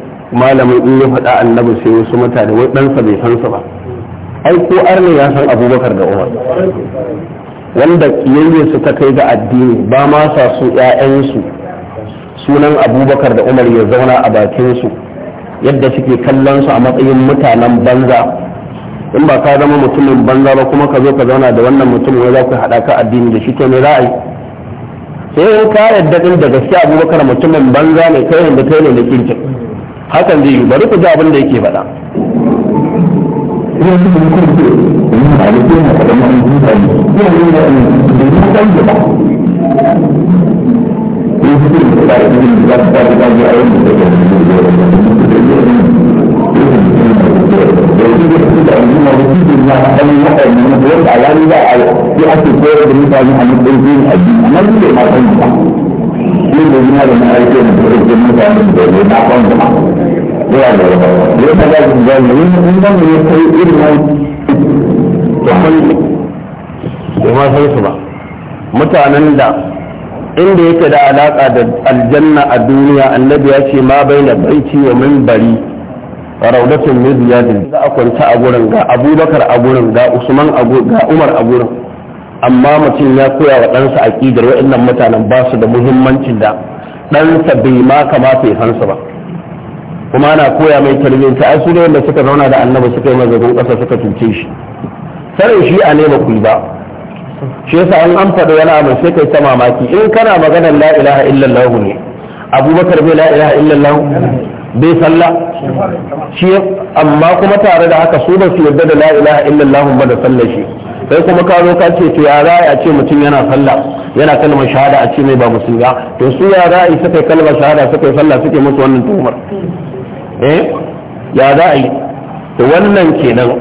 malamin in ya faɗa annabi sai wasu mutane wai ɗansa bai san su ba ai ko arne ya san abubakar da umar wanda kiyayye su ta kai ga addini ba ma sa su ƴaƴansu sunan abubakar da umar ya zauna a bakin su yadda suke kallon su a matsayin mutanen banza in ba ka zama mutumin banza ba kuma ka zo ka zauna da wannan mutumin wai za ku haɗa ka addini da shi to ne za a yi sai in ka yadda din da gaskiya abubakar mutumin banza ne kai da kai ne da kinkin hakan zai yi bari ku ji abin da yake faɗa da mutanen da ya da da inda yake da alaka da aljanna a duniya annabi ya ce ma bai na baiti wa min bari raudatun za a kwanta a gurin ga abubakar a gurin ga usman a ga umar a gurin amma mutum ya koya wa ɗansa a aƙidar waɗannan mutanen ba su da muhimmancin da ɗansa bai ma kamata ya san ba kuma ana koya mai tarbiyyanci ai su ne wanda suka zauna da annabi suka yi mazagon ƙasa suka cuce shi sanin shi a ne ba ku ba shi yasa an an faɗi wani abu sai kai ta mamaki in kana maganar la ilaha illallah ne abubakar bai la ilaha illallah bai salla shi amma kuma tare da haka su ba su yarda da la ilaha illallah ba da sallar shi sai kuma ka zo ka ce to ya ra'ayi a ce mutum yana sallah yana kalmar shahada a ce mai ba musulmi to su ya ra'ayi suka yi kalmar shahada suka yi sallah suke musu wannan tuhumar eh ya ra'ayi to wannan kenan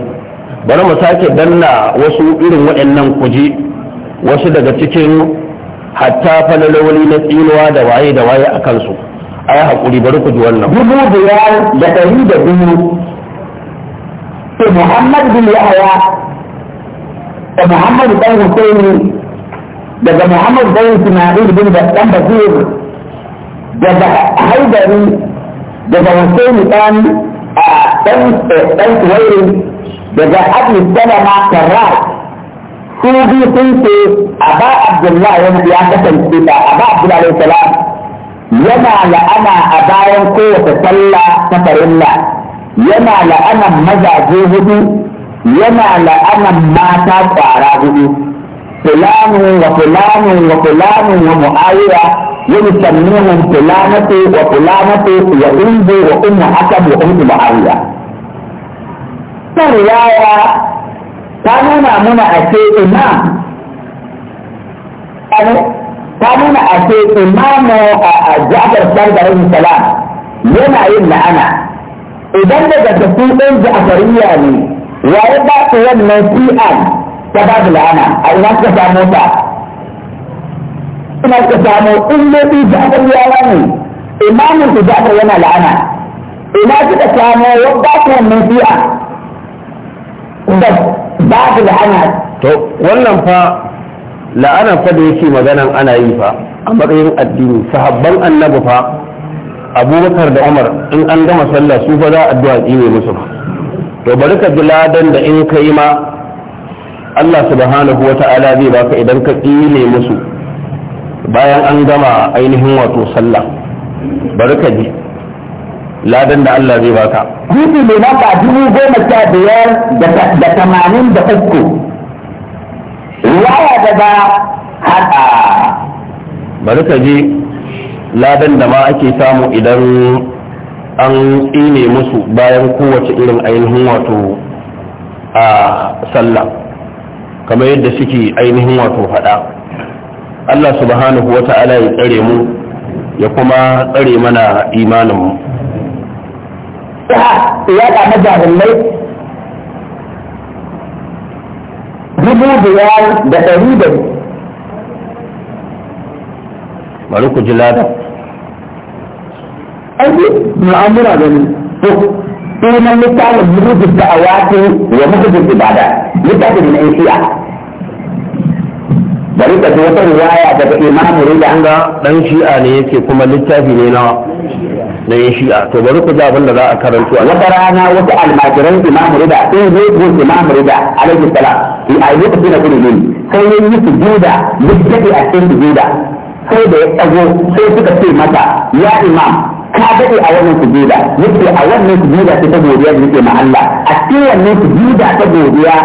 bari mu sake danna wasu irin waɗannan kuje wasu daga cikin hatta falaloli na tsinuwa da waye da waye a kansu a yi haƙuri bari ku ji wannan dubu biyar da ɗari da biyu Muhammad bin yahaya. محمد بن الحسين لما محمد بن اسماعيل بن بسام بصير جاب حيدري جاب حسين كان كان كان كويس جاب ابن السلمة كرار سيدي سيدي أبا عبد الله يوم في عهد سيدي أبا عبد الله عليه السلام يما لأنا أبا يوم قوة صلى سفر الله يما لأنا مزع جهدي yana la'anan mata kwara hudu fulanu wa fulanu wa fulanu wa mu'awiya yin sannuhun fulanatu wa fulanatu ya umbu wa umu akab wa umu mu'awiya kan riwaya ta nuna muna a ce imam ta nuna a ce imamu a jafar sargarin salam yana yin la'ana idan daga tafi ɗan ja'afariya ne waye ba su wannan fi'an ta ba su la'ana a ina suka samu ta ina suka samu illoli da aka yawa ne imamin su jafar yana la'ana ina suka samu ba su wannan fi'an da ba su la'ana to wannan fa la'ana fa da yake maganan ana yi fa a matsayin addini sahabban annabi fa abubakar da umar in an gama sallah su fa za a addu'a ne musu fa to bari ka ji ladan da in ka yi ma Allah subhanahu wa ta'ala zai baka idan ka ƙile musu bayan an gama ainihin wato sallah bari ka ji ladan da Allah zai baka Jiki ne baka dubu goma sha biyar da tamanin da uku da ba haɗa. bari ka ji ladan da ma ake samu idan an tsine musu bayan kowace irin ainihin wato a sallah kamar yadda suke ainihin wato faɗa Allah subhanahu wa ta'ala ya tsare mu ya kuma tsare mana imaninmu ya kama jahillai dubu biyar da ɗari da bari ku ji ladan aiki mu'amura gani to sunan littafin mujibin da'awati wa mujibin ibada littafin na shi'a bari ka ji wata riwaya daga imam rida an ga dan shi'a ne yake kuma littafi ne na na yin shi'a to bari ku ji abin da za a karanto a wata rana wata almajiran imam rida sun zo gun imam rida alaihi salam fi ayyuka suna gudu ne sai ya yi su juda littafi a cikin su juda sai da ya tsago sai suka ce mata ya imam ka daɗe a wannan sujuda yake a wannan sujuda ta godiya da yake ma Allah a cikin wannan sujuda ta godiya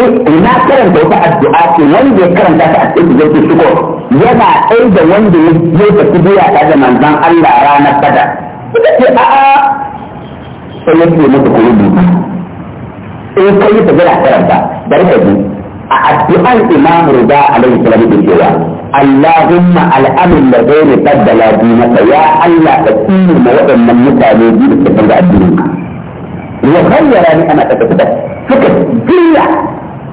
eh, ina karanta wata addu'a ce wanda ya karanta ta a cikin sujuda ce shukur yana ɗaya da wanda ya je ta sujuda ta da manzon Allah ranar bada suka ce a'a sai yake masa kulubi in eh, kai ta gara karanta ka ji a addu'an imam rida alaihi salam da cewa Allahumma al'amin da zai ne kaddala dinaka ya Allah ka tsini ma waɗannan mutane biyu da suka ga addinin ka wa khayyara ni ana tafi da suka jiya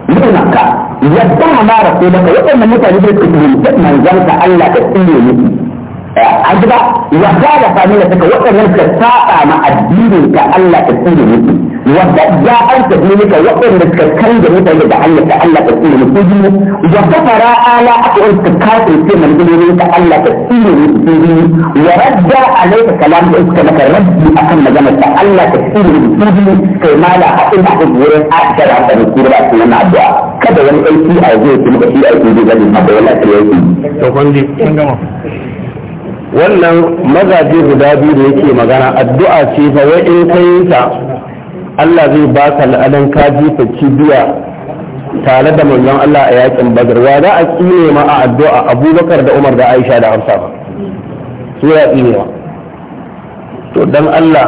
mutunanka yadda ma rasulaka waɗannan mutane biyu suka fahimci manzanka Allah ka tsini musu ajiba wa zalafa ne da suka waɗannan ka saba ma addinin ka Allah ka tsini musu wata ga an tafi nika waɗanda ka canza mutane da hanyar da Allah ka tsira mutum biyu wata fara ala aka yi ka kafa ce mai gudunin ka Allah ka tsira mutum biyu wa radda alaika kalam da iska maka rabbi akan magana ta Allah ka tsira mutum biyu kai mala a ina ku gurin a tsara ta ne ku ba sunan addu'a kada wani aiki a zo ki muka aiki zai gani ba wala yi to kondi kun gama magaji guda biyu da yake magana addu'a ce fa wai in kai ta Allah zai baka la'adan kaji ta kibiya tare da manzon Allah a yakin Badr wa za a tsine ma a addu'a Abubakar da Umar da Aisha da Hafsa ba su ya tsine ma to dan Allah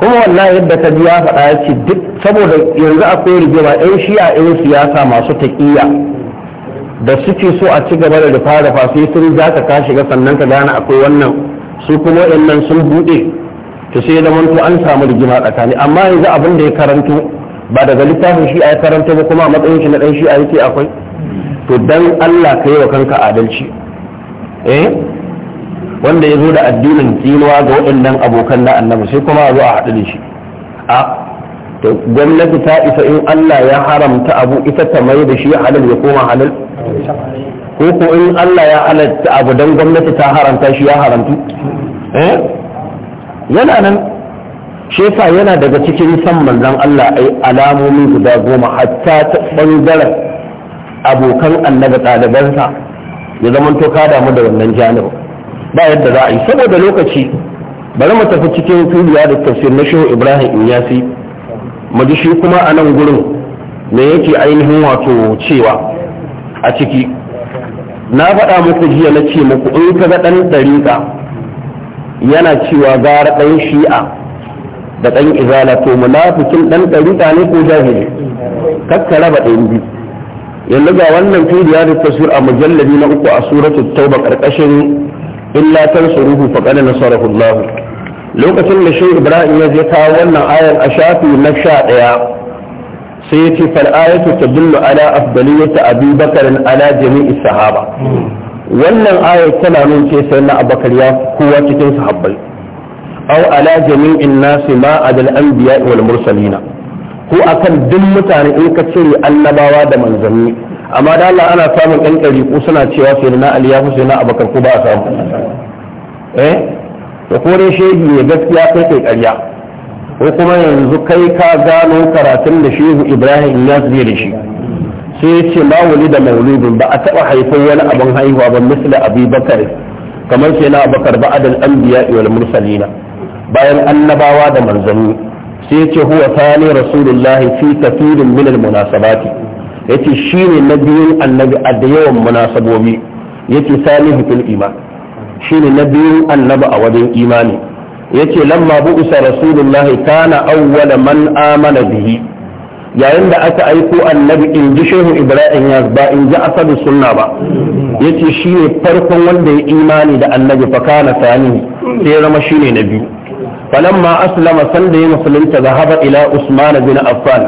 kuma wallahi yadda ta biya faɗa ya duk saboda yanzu akwai rigima ɗan shi'a ɗan siyasa masu taƙiyya da suke so a ci gaba da rufa da sai sun za ka shiga sannan ka gane akwai wannan su kuma waɗannan sun buɗe to sai da manto an samu rigima tsakani amma yanzu abin da ya karanto ba daga littafin shi a ya karanto ba kuma a matsayin shi na dan shi a yake akwai to dan Allah ka yi wa kanka adalci eh wanda ya zo da addinin tsinuwa ga waɗannan abokan na annabi sai kuma a zo a haɗu da shi a to gwamnati ta isa in Allah ya haramta abu ita ta mai da shi halal ya koma halal ko ko in Allah ya halatta abu dan gwamnati ta haramta shi ya haramtu eh yana nan shefa yana daga cikin san manzan Allah ai alamomi guda goma hatta ta bangaren abokan annaba ɗalibansa ya zama to ka damu da wannan janibin ba yadda za a yi saboda lokaci bari mu tafi cikin tuliya da tafsir na shehu ibrahim inyasi mu ji shi kuma a nan gurin me yake ainihin wato cewa a ciki na faɗa muku jiya na ce muku in ka ga ɗan ɗariƙa yana cewa gara ɗan shi'a da ɗan izala to munafikin ɗan ɗarika ne ko jahili kakka raba ɗan biyu yanzu ga wannan ya da taswir a mujallabi na uku a suratul tauba karkashin illa tansuruhu faqad nasarahu Allah lokacin da Sheikh Ibrahim ya je kawo wannan ayar a shafi na sha ɗaya sai ya ce fal ayatu tadullu ala afdaliyati Abi bakarin ala jami'i sahaba wannan ayat tana nun ce sai na abakar ya kowa cikin sahabbai aw ala jami'in nasi ma adal anbiya wal mursalina ko akan duk mutane in ka cire annabawa da manzanni amma da Allah ana samun ɗan ɗari ko suna cewa sai na ali ya sai na abakar ko ba a samu eh da kore shehi ne gaskiya kai kai ƙarya ko kuma yanzu kai ka gano karatun da shehu ibrahim ya zai da shi sai ya ce ma wani da mauludin ba a taɓa haifar wani abin haihuwa ba misla abi bakar kamar sai na bakar ba adal biya wal mursalina bayan annabawa da manzanni sai ya ce huwa tani rasulullahi fi kafirin min al munasabati shi ne na biyun annabi a da yawan munasabobi yace salihu fil iman ne na biyun annabi a wajen imani yace lamma bu'isa rasulullahi kana awwala man amana bihi yayin da aka aiko annabi in ji shehu ibrahim ya ba in ji asadu sunna ba ya ce shi ne farkon wanda ya imani da annabi fa kana sani sai ya zama shi ne na biyu falamma aslama sanda ya musulunta zahaba ila usman bin affan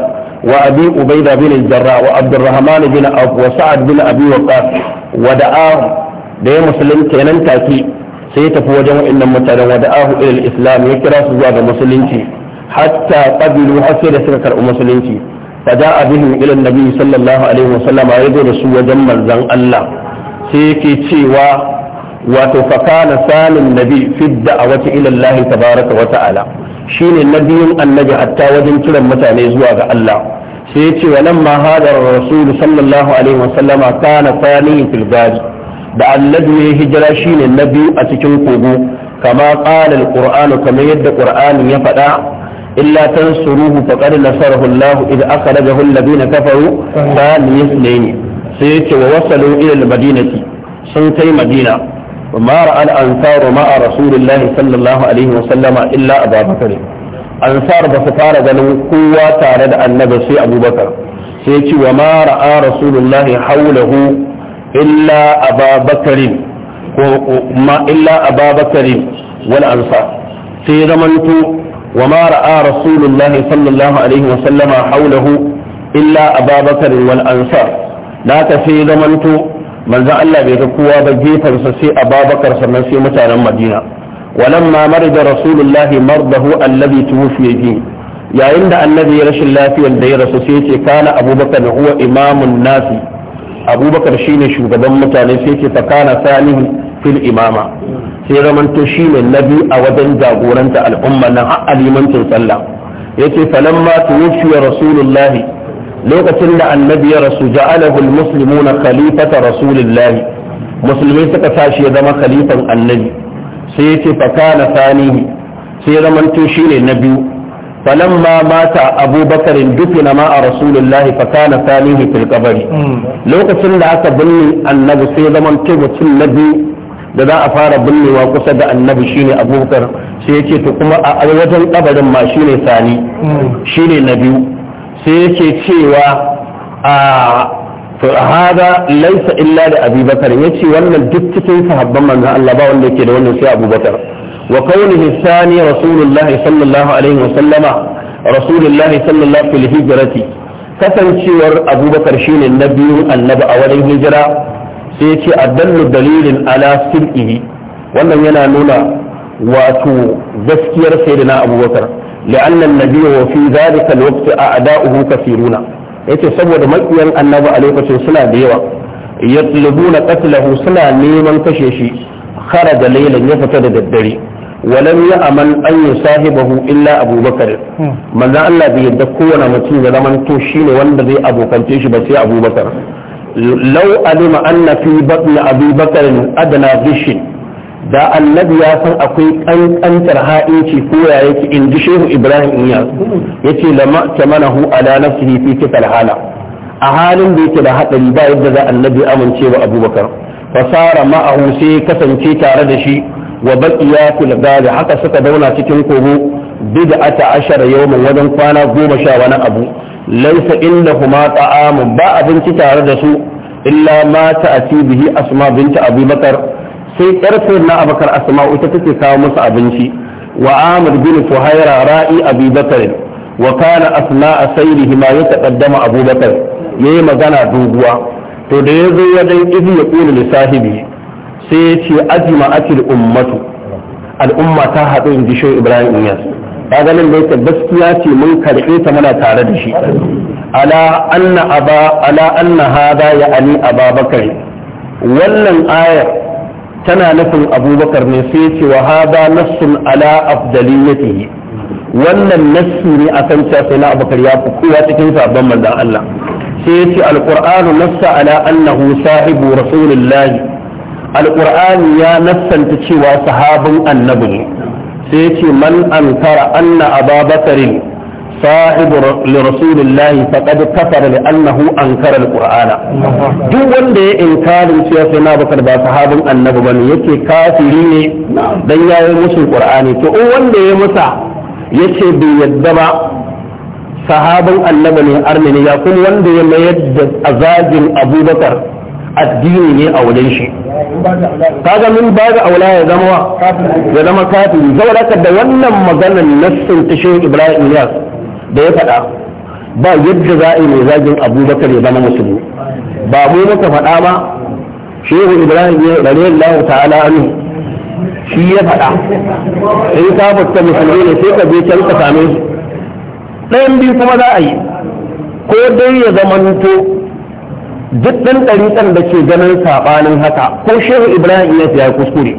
wa abi ubaida bin jarra wa abdurrahman bin auf wa sa'ad bin abi waqas wa da'a da ya musulunta nan take sai ya tafi wajen wa'annan mutanen wa da'ahu ila islam ya kira su zuwa ga musulunci hatta qabilu har sai da suka karɓi musulunci fa da'a bihim ila annabi sallallahu alaihi wasallam ya zo da su wajen manzon Allah sai yake cewa wato fa kana salim nabi fi da'awati ila Allah baraka wa ta'ala shine nabiyin annabi hatta wajen kiran mutane zuwa ga Allah sai yace wa lamma hadar rasul sallallahu alaihi wasallama kana salihin fil da annabi ya hijira shine nabi a cikin kogo kama qala al-qur'anu kamar yadda qur'ani ya faɗa إلا تنصروه فقد نصره الله إذ أخرجه الذين كفروا ثاني اثنين سيت ووصلوا إلى المدينة سنتي مدينة وما رأى الأنصار مع رسول الله صلى الله عليه وسلم إلا أبا بكر أنصار بسفارة قالوا قوة تارد النبي سي أبو بكر سيت وما رأى رسول الله حوله إلا أبا بكر وما إلا أبا بكر والأنصار سيدمنتو وما رأى رسول الله صلى الله عليه وسلم حوله إلا أبا بكر والأنصار لا تفي زمنت من ذا الله بيتكوا بجيفا سسي أبا بكر سمسي متانا مدينة ولما مرض رسول الله مرضه الذي توفي فيه يا عند النبي رشي الله في الدير سسيتي كان أبو بكر هو إمام الناس أبو بكر شين شو قدم متانا سيتي فكان ثاني في الإمامة sai ramanto shi ne na biyu a wajen jagoranta al'umma nan har alimancin sallah yace falamma tuwfiya rasulullahi lokacin da annabi ya rasu ja'alahu almuslimuna khalifata rasulillah musulmai suka tashi ya zama khalifan annabi sai yace fa kana sanihi sai ramanto shi ne na biyu فلما Abubakar أبو بكر a مع رسول الله فكان ثانيه في القبر لو كسن لأك بني النبي سيدا من na biyu. da za a fara binnewa kusa da annabi shine abubakar sai ya ce to kuma a wajen kabarin ma shine sani shine na biyu sai ya ce cewa a hada laisa illa da abubakar ya ce wannan duk cikin sahabban manzon Allah ba wanda yake da wannan sai abubakar wa kaunihi sani rasulullahi sallallahu alaihi wa sallama rasulullahi sallallahu alaihi wa sallam. kasancewar abubakar shine na biyu annabi a wajen hijira sai ya ce addallu dalilin ala sir'ihi wannan yana nuna wato gaskiyar na abubakar لأن النبي lokaci a ada ugu kasiruna yace saboda makiyan annabi a lokacin suna da yawa yatlubuna qatlahu suna neman kashe shi kharaja laylan ya fita da daddare walam aman an yusahibahu illa abubakar hmm. manzo Allah bai yadda kowane mutum ya zamanto to shine wanda zai abokance shi ba sai abubakar lau alima anna fi batn abi bakar adana bishin da annabi ya san akwai kankantar ha'inci ko ya yake in ji shehu ibrahim iya yace lama mana ala nafsihi fi tilkal hala a halin da yake da hadari ba yadda za annabi amince wa abubakar fasara ma'ahu sai kasance tare da shi wa baqiya fil gari haka suka dauna cikin kogo bid'ata ashara yawman wajen kwana goma sha wani abu laisa inda kuma ta'amun ba abinci tare da su illa ma ta'ati bihi asma binta abubakar sai yar na abakar asma ita take kawo musu abinci wa amir bin fuhaira ra'i abubakar wa kana asma asayrihi ma yataqaddama abubakar yi magana doguwa to da yazo ya dan izi ya ƙone li sahibi sai ya ce ajma'atil ummatu al'umma ta haɗu in ji ibrahim yas kaga nan da yake gaskiya ce mun karɓe ta muna tare da shi ala anna aba ala anna hada ya ani ababakar wannan ayar tana nufin abubakar ne sai ce wa hada nassun ala afdaliyatihi wannan nassi ne akan cewa sai na abubakar ya fi kowa cikin sabon manzon Allah sai ya ce alqur'anu nassa ala annahu sahibu rasulillahi alqur'ani ya nassanta cewa sahabin annabi ne sai yace man ankara anna aba bakarin صاحب لرسول الله فقد كفر لأنه أنكر القرآن duk wanda ya inkarin cewa sai na bakar ba sahabin annabi bane yake kafiri ne dan yayin musu qur'ani to in wanda ya musa yace bai yadda ba sahabin annabi ne arni ne ya kuma wanda ya mayar da azajin abubakar addini ne a wajen shi kaga min ba da aula ya zama wa ya zama kafiri saboda haka da wannan maganar nassin ta shehu ibrahim yas da ya faɗa ba yadda za a yi mai zagin abubakar ya zama musulmi ba mu muka faɗa ba shehu ibrahim ya rare allah ta'ala anhu shi ya faɗa in ka fata musulmi ne sai ka je can ka same su ɗayan biyu kuma za a yi ko dai ya zamanto duk ɗan ɗariƙan da ke ganin saɓanin haka ko shehu ibrahim ya yi kuskure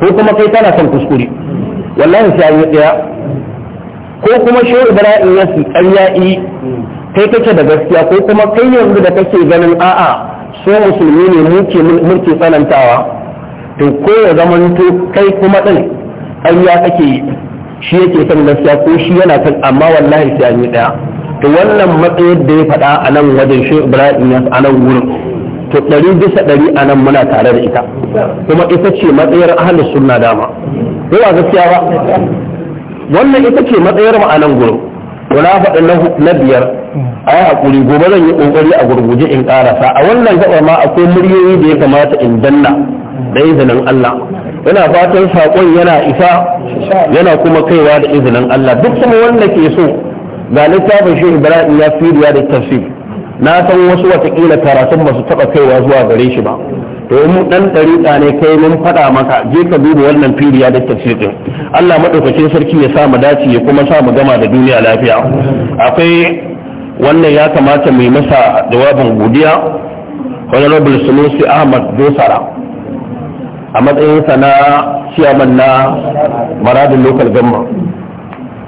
ko kuma kai tana son kuskure wallahi sai an yi tsaya ko kuma shehu ibrahim ya fi ƙarya yi kai kake da gaskiya ko kuma kai yanzu da kake ganin a'a so musulmi ne muke mulki tsanantawa to ko ya to kai kuma ɗin ƙarya kake yi shi yake son gaskiya ko shi yana kan amma wallahi sai an yi ɗaya to wannan matsayin da ya faɗa a nan wajen shi ibrahim ya a nan wurin to ɗari bisa ɗari a nan muna tare da ita kuma ita ce matsayar ahalus sunna dama ko ba gaskiya ba wannan ita ce matsayar mu a nan gurin wala faɗa na biyar a yi haƙuri gobe zan yi ƙoƙari a gurguje in ƙarasa a wannan gaba ma akwai muryoyi da ya kamata in danna da izinin Allah yana fatan saƙon yana isa yana kuma kaiwa da izinin Allah duk kuma wanda ke so ga littafin shi ibrahim ya fi da tafsir na san wasu watakila karatun ba su taɓa kaiwa zuwa gare shi ba to mu dan dariƙa ne kai mun faɗa maka je ka duba wannan firiya da tafsir din Allah madaukakin sarki ya sa mu dace ya kuma sa mu gama da duniya lafiya akwai wannan ya kamata mu yi masa jawabin godiya honorable sulusi Ahmad Dosara a matsayin sa na chairman na Maradin Local Government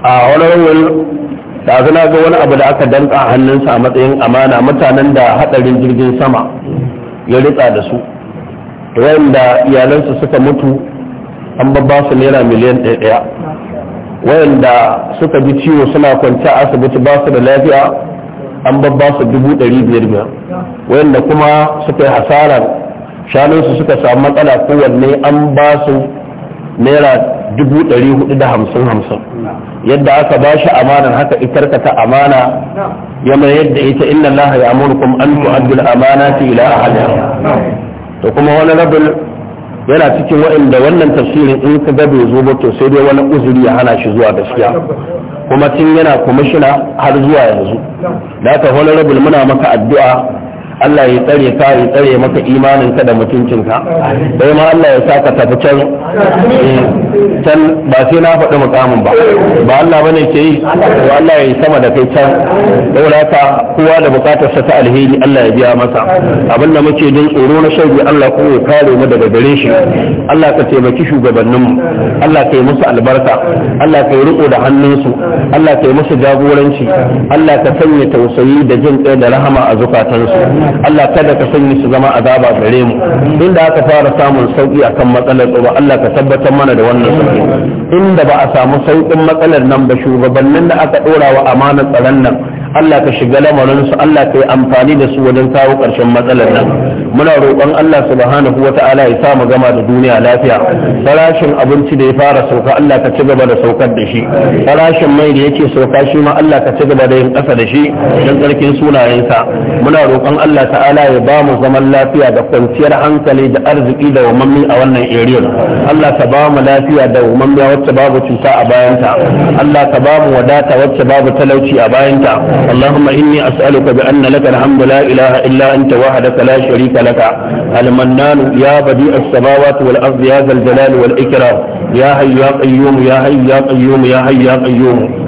a honorable da na ga wani abu da aka danka hannunsa a matsayin amana mutanen da hadarin jirgin sama ya ritsa da su wayanda iyalansu suka mutu an babba su naira miliyan ɗaya wayanda suka ji ciwo suna kwanci a asibiti ba su da lafiya an babba su dubu ɗari biyar biyar wayanda kuma suka yi hasarar shanunsu suka samu matsala kowanne an ba su naira dubu ɗari hudu da hamsin hamsin yadda aka ba shi amanar haka itarka ta amana ya mai yadda ita inna Allah ya amurkum an tu'addu amanati ila ahliha to kuma wani rabin yana cikin waɗanda wannan tafsirin in ka gabe zo ba to sai dai wani uzuri ya hana shi zuwa gaskiya kuma tun yana kwamishina har zuwa yanzu da haka wani rabin muna maka addu'a Allah ya tsare ka ya tsare maka imaninka da mutuncinka bai ma Allah ya saka tafi can eh, can ba sai na faɗi mukamin ba ba Allah bane ke yi to Allah ya sama da kai can saboda ka kowa da bukatar sa ta alheri Allah ya biya masa abin da muke jin tsoro na shauki Allah ko ya kare mu daga gare shi Allah ka taimaki shugabannin mu Allah ka yi musu albarka Allah ka yi riko da hannunsu Allah ka yi musu jagoranci Allah ka sanya tausayi da jin da rahama a zukatansu Allah kada ka sanya su zama azaba gare mu inda aka fara samun sauki akan matsalar tsaro Allah ka tabbatar mana da wannan sauki inda ba a samu saukin matsalar nan ba shugabannin da aka dora wa amanar tsaron nan Allah ka shiga lamarin su Allah ka yi amfani da su wajen kawo ƙarshen matsalar nan muna roƙon Allah subhanahu wata'ala ya sa mu gama da duniya lafiya farashin abinci da ya fara sauka Allah ka ci gaba da saukar da shi farashin mai da yake sauka shi ma Allah ka ci gaba da yin ƙasa da shi don tsarkin sunayensa muna roƙon Allah Allah ta'ala ya ba mu zaman lafiya da kwanciyar hankali da arziki da wamanni a wannan area Allah ka ba mu lafiya da wamanni wacce babu cuta a bayanta Allah ka ba mu wadata wacce babu talauci a bayanta Allahumma inni as'aluka bi anna laka alhamdu la ilaha illa anta wahdaka la sharika laka al mannanu ya badi as-samawati wal ardi ya zal jalali wal ikram ya hayyu ya qayyum ya hayyu ya qayyum ya hayyu ya qayyum